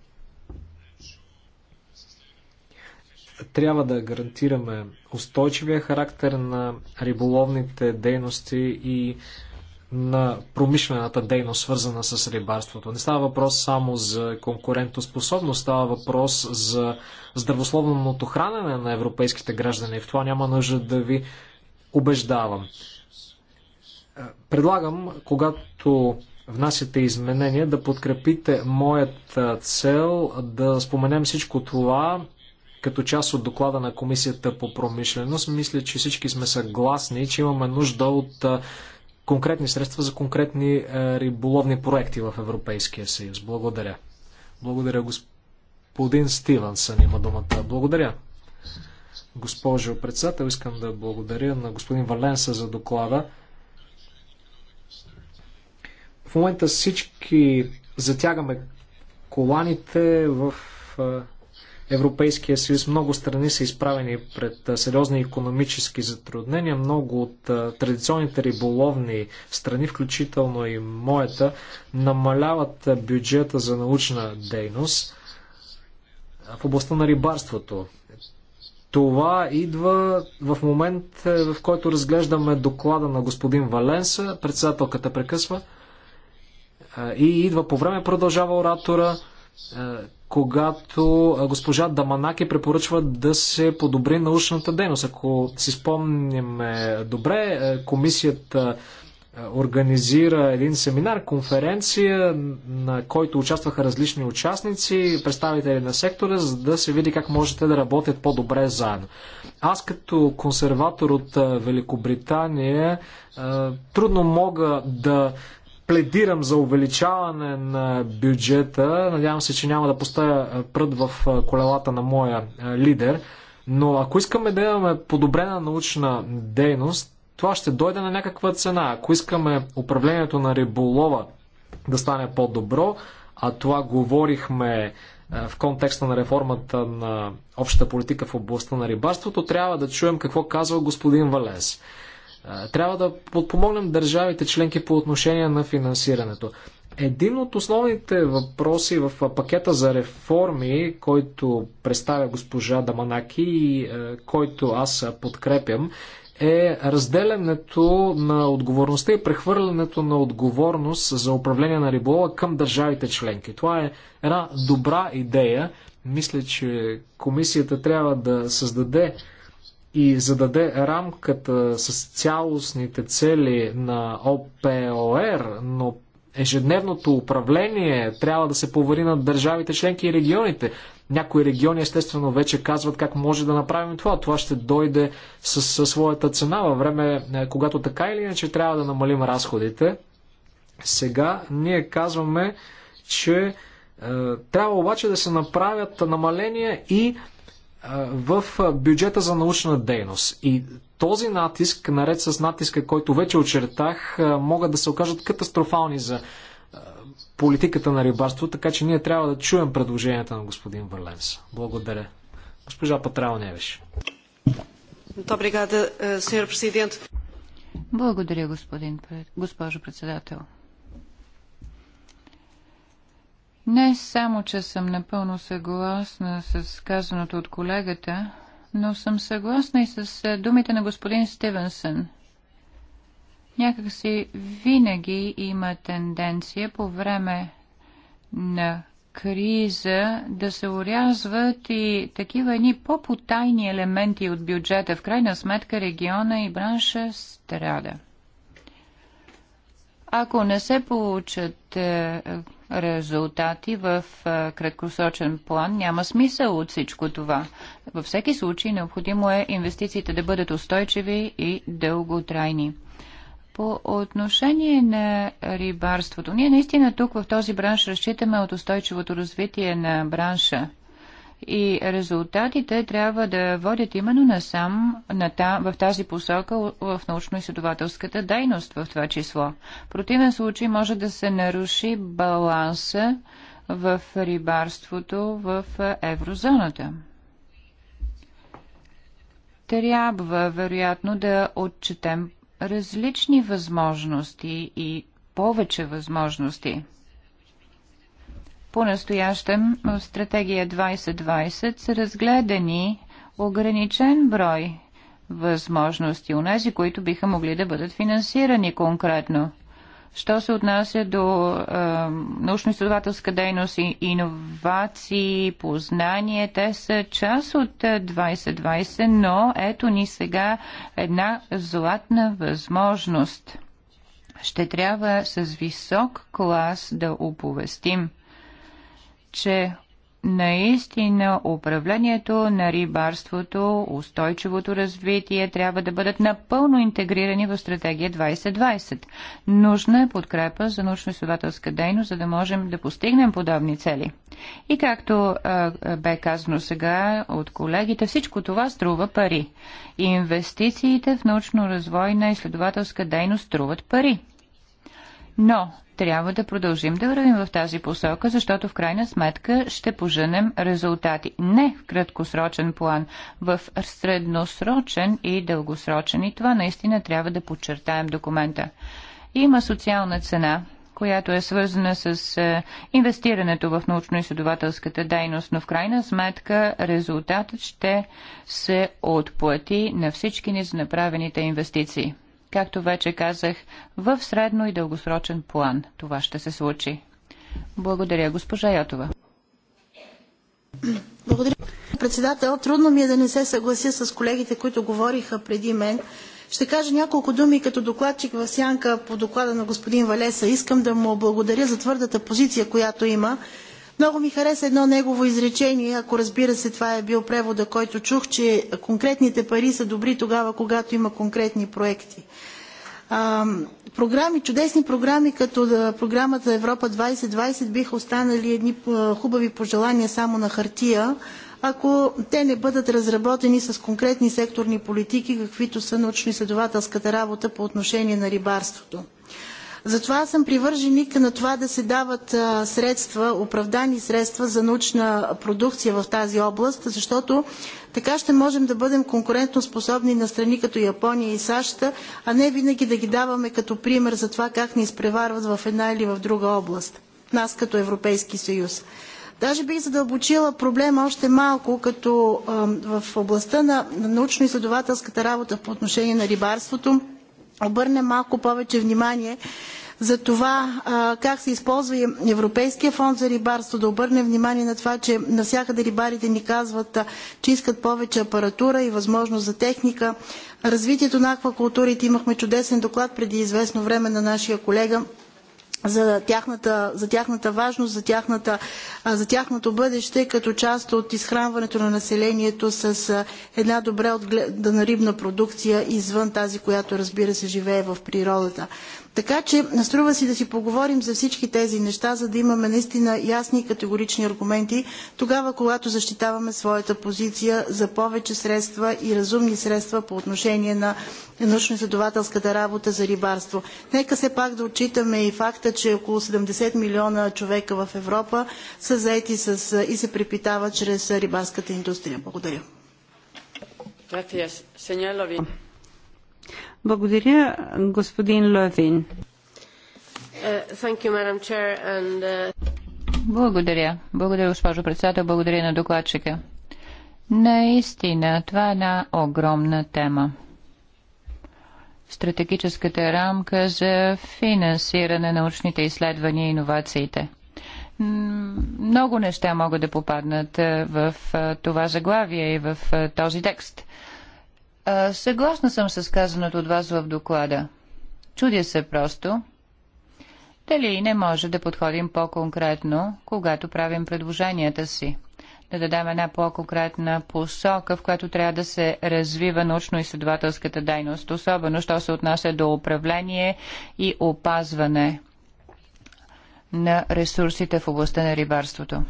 Трябва да гарантираме устойчивия характер на риболовните дейности и на промишлената дейност, свързана с рибарството. Не става въпрос само за конкурентоспособност, става въпрос за здравословното хранене на европейските граждани. В това няма нужда да ви убеждавам. Предлагам, когато внасяте изменения, да подкрепите моята цел да споменем всичко това като част от доклада на Комисията по промишленост. Мисля, че всички сме съгласни, че имаме нужда от конкретни средства за конкретни е, риболовни проекти в Европейския съюз. Благодаря. Благодаря, господин Стивенсън има думата. Благодаря. Госпожо председател, искам да благодаря на господин Валенса за доклада. В момента всички затягаме коланите в е, Европейския съюз. Много страни са изправени пред сериозни економически затруднения. Много от традиционните риболовни страни, включително и моята, намаляват бюджета за научна дейност в областта на рибарството. Това идва в момент, е, в който разглеждаме доклада на господин Валенса, председателката прекъсва и идва по време, продължава оратора, когато госпожа Даманаки препоръчва да се подобри научната дейност. Ако си спомним добре, е, комисията е, организира един семинар, конференция, на който участваха различни участници, представители на сектора, за да се види как можете да работят по-добре заедно. Аз като консерватор от е, Великобритания трудно мога да пледирам за увеличаване на бюджета. Надявам се, че няма да поставя пръд в колелата на моя лидер. Но ако искаме да имаме подобрена научна дейност, това ще дойде на някаква цена. Ако искаме управлението на риболова да стане по-добро, а това говорихме в контекста на реформата на общата политика в областта на рибарството, трябва да чуем какво казва господин Валес. Трябва да подпомогнем държавите членки по отношение на финансирането. Един от основните въпроси в пакета за реформи, който представя госпожа Даманаки и е, който аз подкрепям, е разделянето на отговорността и прехвърлянето на отговорност за управление на риболова към държавите членки. Това е една добра идея. Мисля, че комисията трябва да създаде и зададе рамката с цялостните цели на ОПОР, но ежедневното управление трябва да се повари на държавите членки и регионите. Някои региони естествено вече казват как може да направим това. Това ще дойде с, с своята цена във време, е, когато така или иначе трябва да намалим разходите. Сега ние казваме, че е, трябва обаче да се направят намаления и в бюджета за научна дейност. И този натиск, наред с натиска, който вече очертах, могат да се окажат катастрофални за политиката на рибарство, така че ние трябва да чуем предложенията на господин Валенс. Благодаря. Госпожа Патрао Невиш. Eh, Благодаря, господин, госпожо председател. Не само, че съм напълно съгласна с казаното от колегата, но съм съгласна и с е, думите на господин Стивенсън. Някакси винаги има тенденция по време на криза да се урязват и такива едни по-потайни елементи от бюджета. В крайна сметка региона и бранша страда. Ако не се получат е, резултати в е, краткосрочен план, няма смисъл от всичко това. Във всеки случай необходимо е инвестициите да бъдат устойчиви и дълготрайни. По отношение на рибарството, ние наистина тук в този бранш разчитаме от устойчивото развитие на бранша – и резултатите трябва да водят именно насам на та, в тази посока в научно-изследователската дейност в това число. В противен случай може да се наруши баланса в рибарството в еврозоната. Трябва, вероятно, да отчетем различни възможности и повече възможности – по-настоящем в стратегия 2020 са разгледани ограничен брой възможности, унези, които биха могли да бъдат финансирани конкретно. Що се отнася до е, научно-изследователска дейност и иновации, познание, те са част от 2020, но ето ни сега една златна възможност. Ще трябва с висок клас да оповестим че наистина управлението на рибарството, устойчивото развитие трябва да бъдат напълно интегрирани в стратегия 2020. Нужна е подкрепа за научно-изследователска дейност, за да можем да постигнем подобни цели. И както а, бе казано сега от колегите, всичко това струва пари. инвестициите в научно-развойна изследователска дейност струват пари. Но трябва да продължим да вървим в тази посока, защото в крайна сметка ще поженем резултати. Не в краткосрочен план, в средносрочен и дългосрочен. И това наистина трябва да подчертаем документа. Има социална цена, която е свързана с е, инвестирането в научно-изследователската дейност, но в крайна сметка резултатът ще се отплати на всички ни за направените инвестиции както вече казах, в средно и дългосрочен план това ще се случи. Благодаря, госпожа Йотова. Благодаря, председател. Трудно ми е да не се съглася с колегите, които говориха преди мен. Ще кажа няколко думи като докладчик в сянка по доклада на господин Валеса. Искам да му благодаря за твърдата позиция, която има много ми хареса едно негово изречение, ако разбира се това е бил превода, който чух, че конкретните пари са добри тогава, когато има конкретни проекти. програми, чудесни програми, като програмата Европа 2020 биха останали едни хубави пожелания само на хартия, ако те не бъдат разработени с конкретни секторни политики, каквито са научно-изследователската работа по отношение на рибарството. Затова съм привърженик на това да се дават средства, оправдани средства за научна продукция в тази област, защото така ще можем да бъдем способни на страни като Япония и САЩ, а не винаги да ги даваме като пример за това как ни изпреварват в една или в друга област. Нас като Европейски съюз. Даже бих задълбочила проблема още малко, като в областта на научно-изследователската работа по отношение на рибарството – обърнем малко повече внимание за това как се използва и Европейския фонд за рибарство, да обърнем внимание на това, че навсякъде рибарите ни казват, че искат повече апаратура и възможност за техника. Развитието на аквакултурите имахме чудесен доклад преди известно време на нашия колега за тяхната, за тяхната важност, за, тяхната, за тяхното бъдеще като част от изхранването на населението с една добре отгледана рибна продукция извън тази, която разбира се живее в природата. Така че наструва си да си поговорим за всички тези неща, за да имаме наистина ясни и категорични аргументи тогава, когато защитаваме своята позиция за повече средства и разумни средства по отношение на научно-изследователската работа за рибарство. Нека все пак да отчитаме и факта, че около 70 милиона човека в Европа са заети с, и се препитават чрез рибарската индустрия. Благодаря. Gracias. Señor благодаря, господин Левин. Е, е, Благодаря. Благодаря, госпожо председател. Благодаря на докладчика. Наистина, това е една огромна тема. Стратегическата рамка за финансиране на научните изследвания и иновациите. Много неща могат да попаднат е, в това заглавие и в този текст. Съгласна съм с казаното от вас в доклада. Чудя се просто. Дали не може да подходим по-конкретно, когато правим предложенията си? Да дадем една по-конкретна посока, в която трябва да се развива научно-изследователската дейност, особено, що се отнася до управление и опазване на ресурсите в областта на рибарството.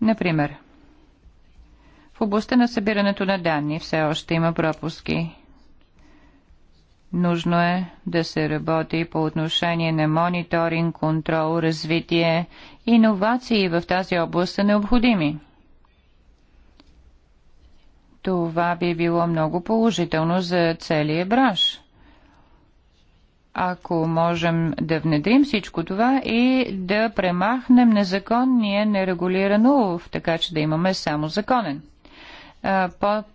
Например, в областта на събирането на данни все още има пропуски. Нужно е да се работи по отношение на мониторинг, контрол, развитие. Иновации в тази област са необходими. Това би било много положително за целия браш. Ако можем да внедрим всичко това и да премахнем незаконния нерегулиран улов, така че да имаме само законен.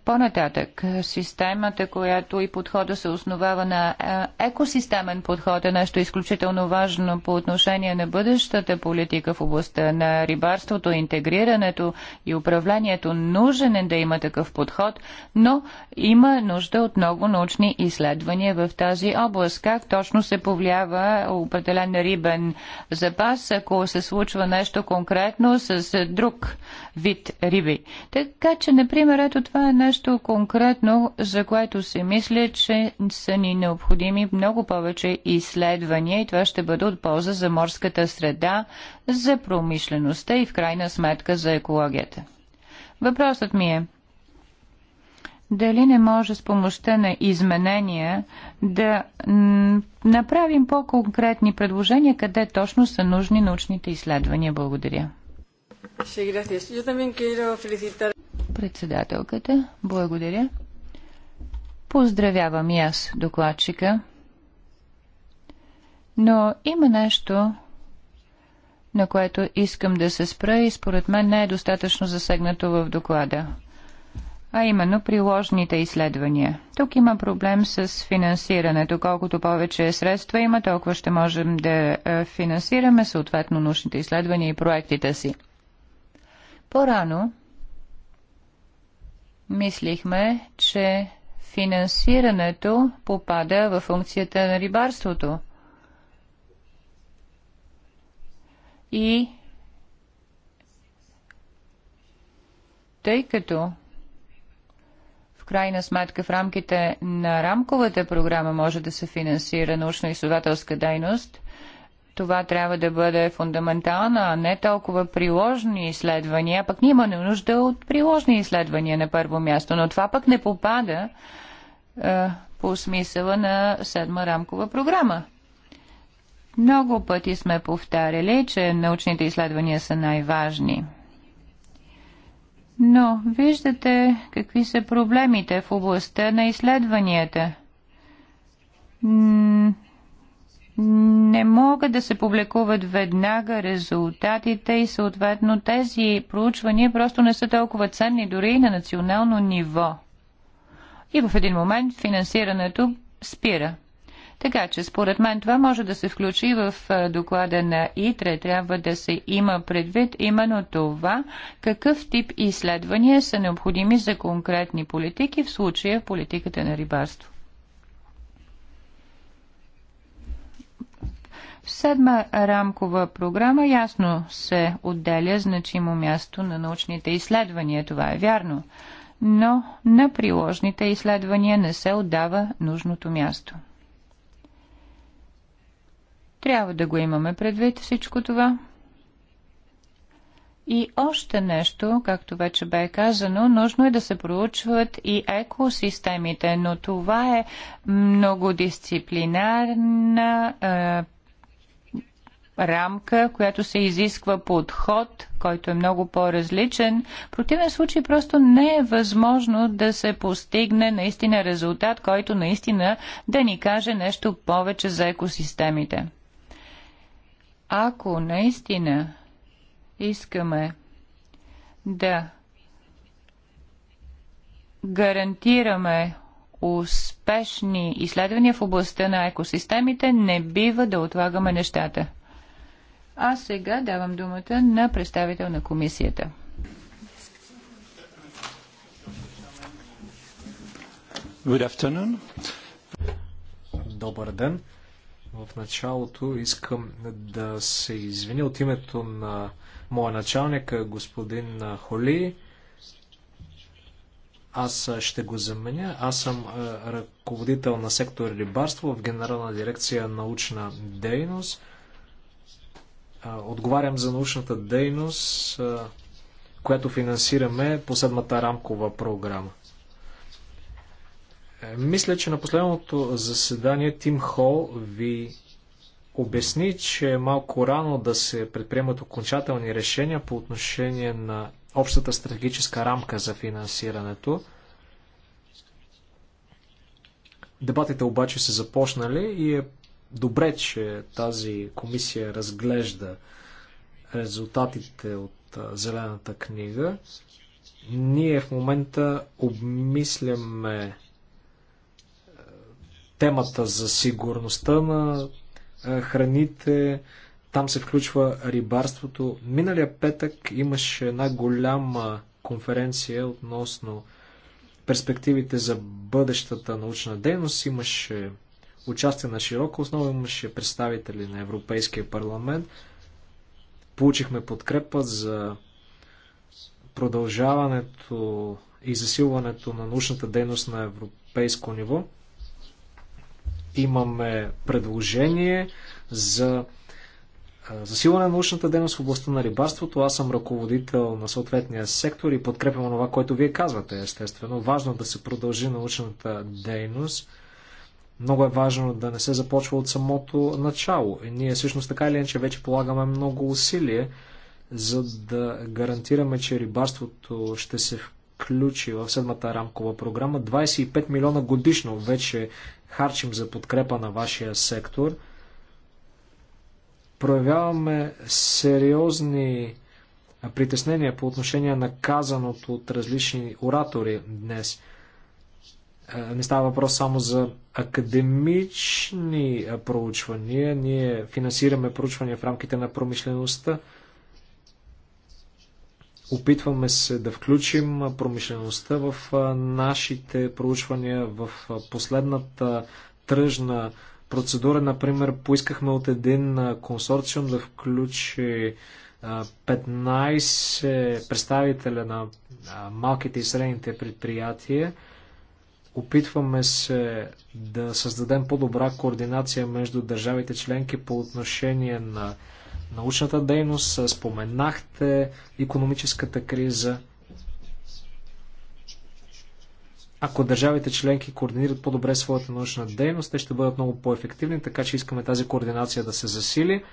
По-нататък, -по системата, която и подхода се основава на екосистемен подход е нещо изключително важно по отношение на бъдещата политика в областта на рибарството, интегрирането и управлението. Нужен е да има такъв подход, но има нужда от много научни изследвания в тази област. Как точно се повлиява определен рибен запас, ако се случва нещо конкретно с друг вид риби. Така че, например, то това е нещо конкретно, за което се мисля, че са ни необходими много повече изследвания и това ще бъде от полза за морската среда, за промишлеността и в крайна сметка за екологията. Въпросът ми е, дали не може с помощта на изменения да направим по-конкретни предложения, къде точно са нужни научните изследвания. Благодаря. Sí, gracias. Yo también quiero felicitar Председателката, благодаря. Поздравявам и аз докладчика. Но има нещо, на което искам да се спра и според мен не е достатъчно засегнато в доклада. А именно приложните изследвания. Тук има проблем с финансирането. Колкото повече средства има, толкова ще можем да е, финансираме съответно научните изследвания и проектите си. По-рано мислихме, че финансирането попада в функцията на рибарството. И тъй като в крайна сметка в рамките на рамковата програма може да се финансира научно-изследователска дейност, това трябва да бъде фундаментална, а не толкова приложни изследвания. Пък ние имаме нужда от приложни изследвания на първо място, но това пък не попада е, по смисъла на седма рамкова програма. Много пъти сме повтаряли, че научните изследвания са най-важни. Но виждате какви са проблемите в областта на изследванията не могат да се публикуват веднага резултатите и съответно тези проучвания просто не са толкова ценни дори и на национално ниво. И в един момент финансирането спира. Така че, според мен, това може да се включи в доклада на ИТРЕ. Трябва да се има предвид именно това, какъв тип изследвания са необходими за конкретни политики, в случая политиката на рибарство. В седма рамкова програма ясно се отделя значимо място на научните изследвания, това е вярно, но на приложните изследвания не се отдава нужното място. Трябва да го имаме предвид всичко това. И още нещо, както вече бе казано, нужно е да се проучват и екосистемите, но това е многодисциплинарна е, рамка, която се изисква подход, който е много по-различен. В противен случай просто не е възможно да се постигне наистина резултат, който наистина да ни каже нещо повече за екосистемите. Ако наистина искаме да гарантираме успешни изследвания в областта на екосистемите, не бива да отлагаме нещата. А сега давам думата на представител на комисията. Good afternoon. Добър ден. В началото искам да се извиня от името на моя началник, господин Холи. Аз ще го заменя. Аз съм е, ръководител на сектор рибарство в Генерална дирекция научна дейност – Отговарям за научната дейност, която финансираме по седмата рамкова програма. Е, мисля, че на последното заседание Тим Хол ви обясни, че е малко рано да се предприемат окончателни решения по отношение на общата стратегическа рамка за финансирането. Дебатите обаче са започнали и е добре, че тази комисия разглежда резултатите от Зелената книга. Ние в момента обмисляме темата за сигурността на храните, там се включва рибарството. Миналия петък имаше една голяма конференция относно перспективите за бъдещата научна дейност. Имаше участие на широка основа имаше представители на Европейския парламент. Получихме подкрепа за продължаването и засилването на научната дейност на европейско ниво. Имаме предложение за засилване на научната дейност в областта на рибарството. Аз съм ръководител на съответния сектор и подкрепям това, което вие казвате, естествено. Важно да се продължи научната дейност. Много е важно да не се започва от самото начало. И ние всъщност така или иначе вече полагаме много усилие, за да гарантираме, че рибарството ще се включи в седмата рамкова програма. 25 милиона годишно вече харчим за подкрепа на вашия сектор. Проявяваме сериозни притеснения по отношение на казаното от различни оратори днес – е, не става въпрос само за академични е, проучвания. Ние финансираме проучвания в рамките на промишлеността. Опитваме се да включим промишлеността в е, нашите проучвания. В последната тръжна процедура, например, поискахме от един консорциум да включи 15 представителя на малките и средните предприятия. Опитваме се да създадем по-добра координация между държавите членки по отношение на научната дейност, споменахте економическата криза. Ако държавите членки координират по-добре своята научна дейност, те ще бъдат много по-ефективни, така че искаме тази координация да се засили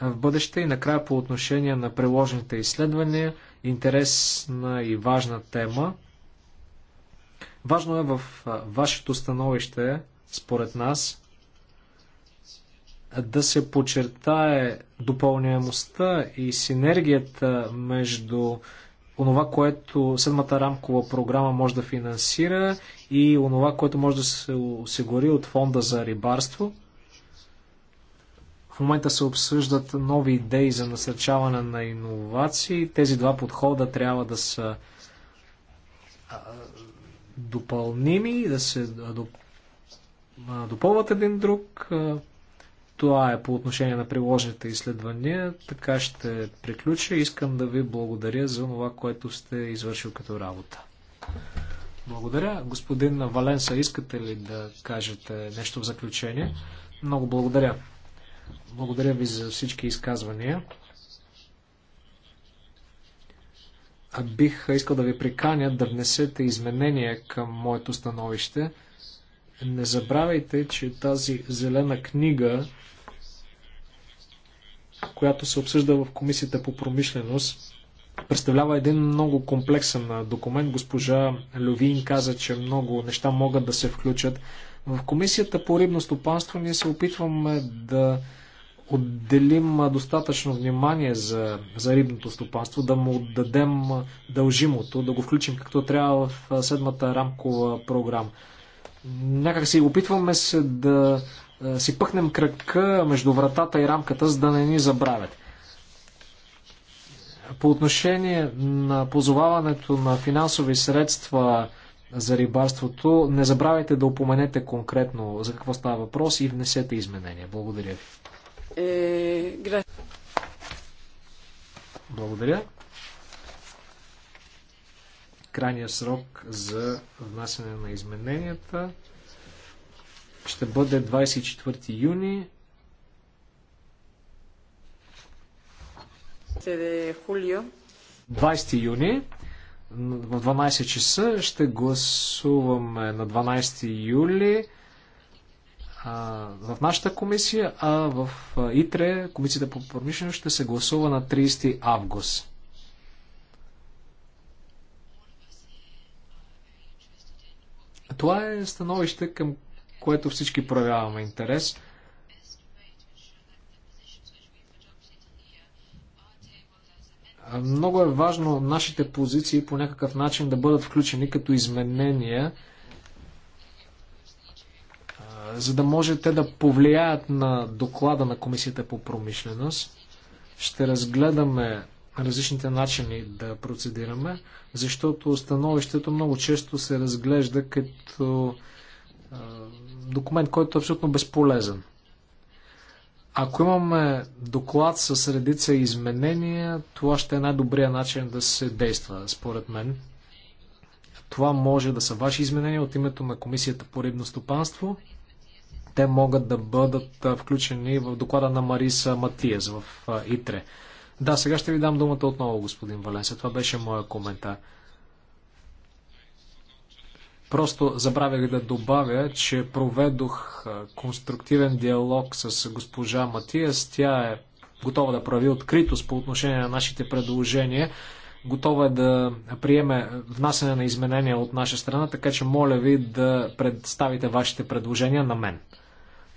в бъдеще и накрая по отношение на приложените изследвания, интересна и важна тема. Важно е в вашето становище, според нас, да се почертае допълняемостта и синергията между онова, което седмата рамкова програма може да финансира и онова, което може да се осигури от фонда за рибарство. В момента се обсъждат нови идеи за насърчаване на иновации. Тези два подхода трябва да са допълними, да се допълват един друг. Това е по отношение на приложените изследвания. Така ще приключа. Искам да ви благодаря за това, което сте извършил като работа. Благодаря. Господин Валенса, искате ли да кажете нещо в заключение? Много благодаря. Благодаря ви за всички изказвания. бих искал да ви приканя да внесете изменения към моето становище. Не забравяйте, че тази зелена книга, която се обсъжда в Комисията по промишленост, представлява един много комплексен документ. Госпожа Лювин каза, че много неща могат да се включат. В Комисията по рибно стопанство ние се опитваме да отделим достатъчно внимание за, за рибното стопанство, да му отдадем дължимото, да го включим както трябва в седмата рамкова програма. Някак си опитваме се да си пъхнем кръка между вратата и рамката, за да не ни забравят. По отношение на позоваването на финансови средства за рибарството, не забравяйте да упоменете конкретно за какво става въпрос и внесете изменения. Благодаря ви. Е, Благодаря. Крайният срок за внасяне на измененията ще бъде 24 юни. Ще е julio. 20 юни в 12 часа ще гласуваме на 12 юли в нашата комисия, а в ИТРЕ, комисията по промишленост, ще се гласува на 30 август. Това е становище, към което всички проявяваме интерес. Много е важно нашите позиции по някакъв начин да бъдат включени като изменения за да може те да повлияят на доклада на Комисията по промишленост. Ще разгледаме различните начини да процедираме, защото становището много често се разглежда като документ, който е абсолютно безполезен. Ако имаме доклад с редица изменения, това ще е най-добрия начин да се действа, според мен. Това може да са ваши изменения от името на Комисията по рибно стопанство. Те могат да бъдат включени в доклада на Мариса Матиес в ИТРЕ. Да, сега ще ви дам думата отново, господин Валенса. Това беше моя коментар. Просто забравях да добавя, че проведох конструктивен диалог с госпожа Матиас. Тя е готова да прави откритост по отношение на нашите предложения. Готова е да приеме внасяне на изменения от наша страна, така че моля ви да представите вашите предложения на мен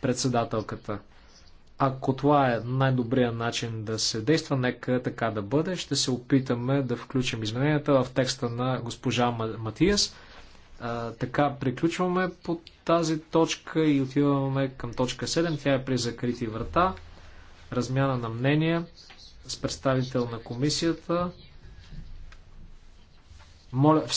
председателката. Ако това е най-добрият начин да се действа, нека така да бъде. Ще се опитаме да включим измененията в текста на госпожа Матиас. А, така, приключваме по тази точка и отиваме към точка 7. Тя е при закрити врата. Размяна на мнения с представител на комисията. Моля,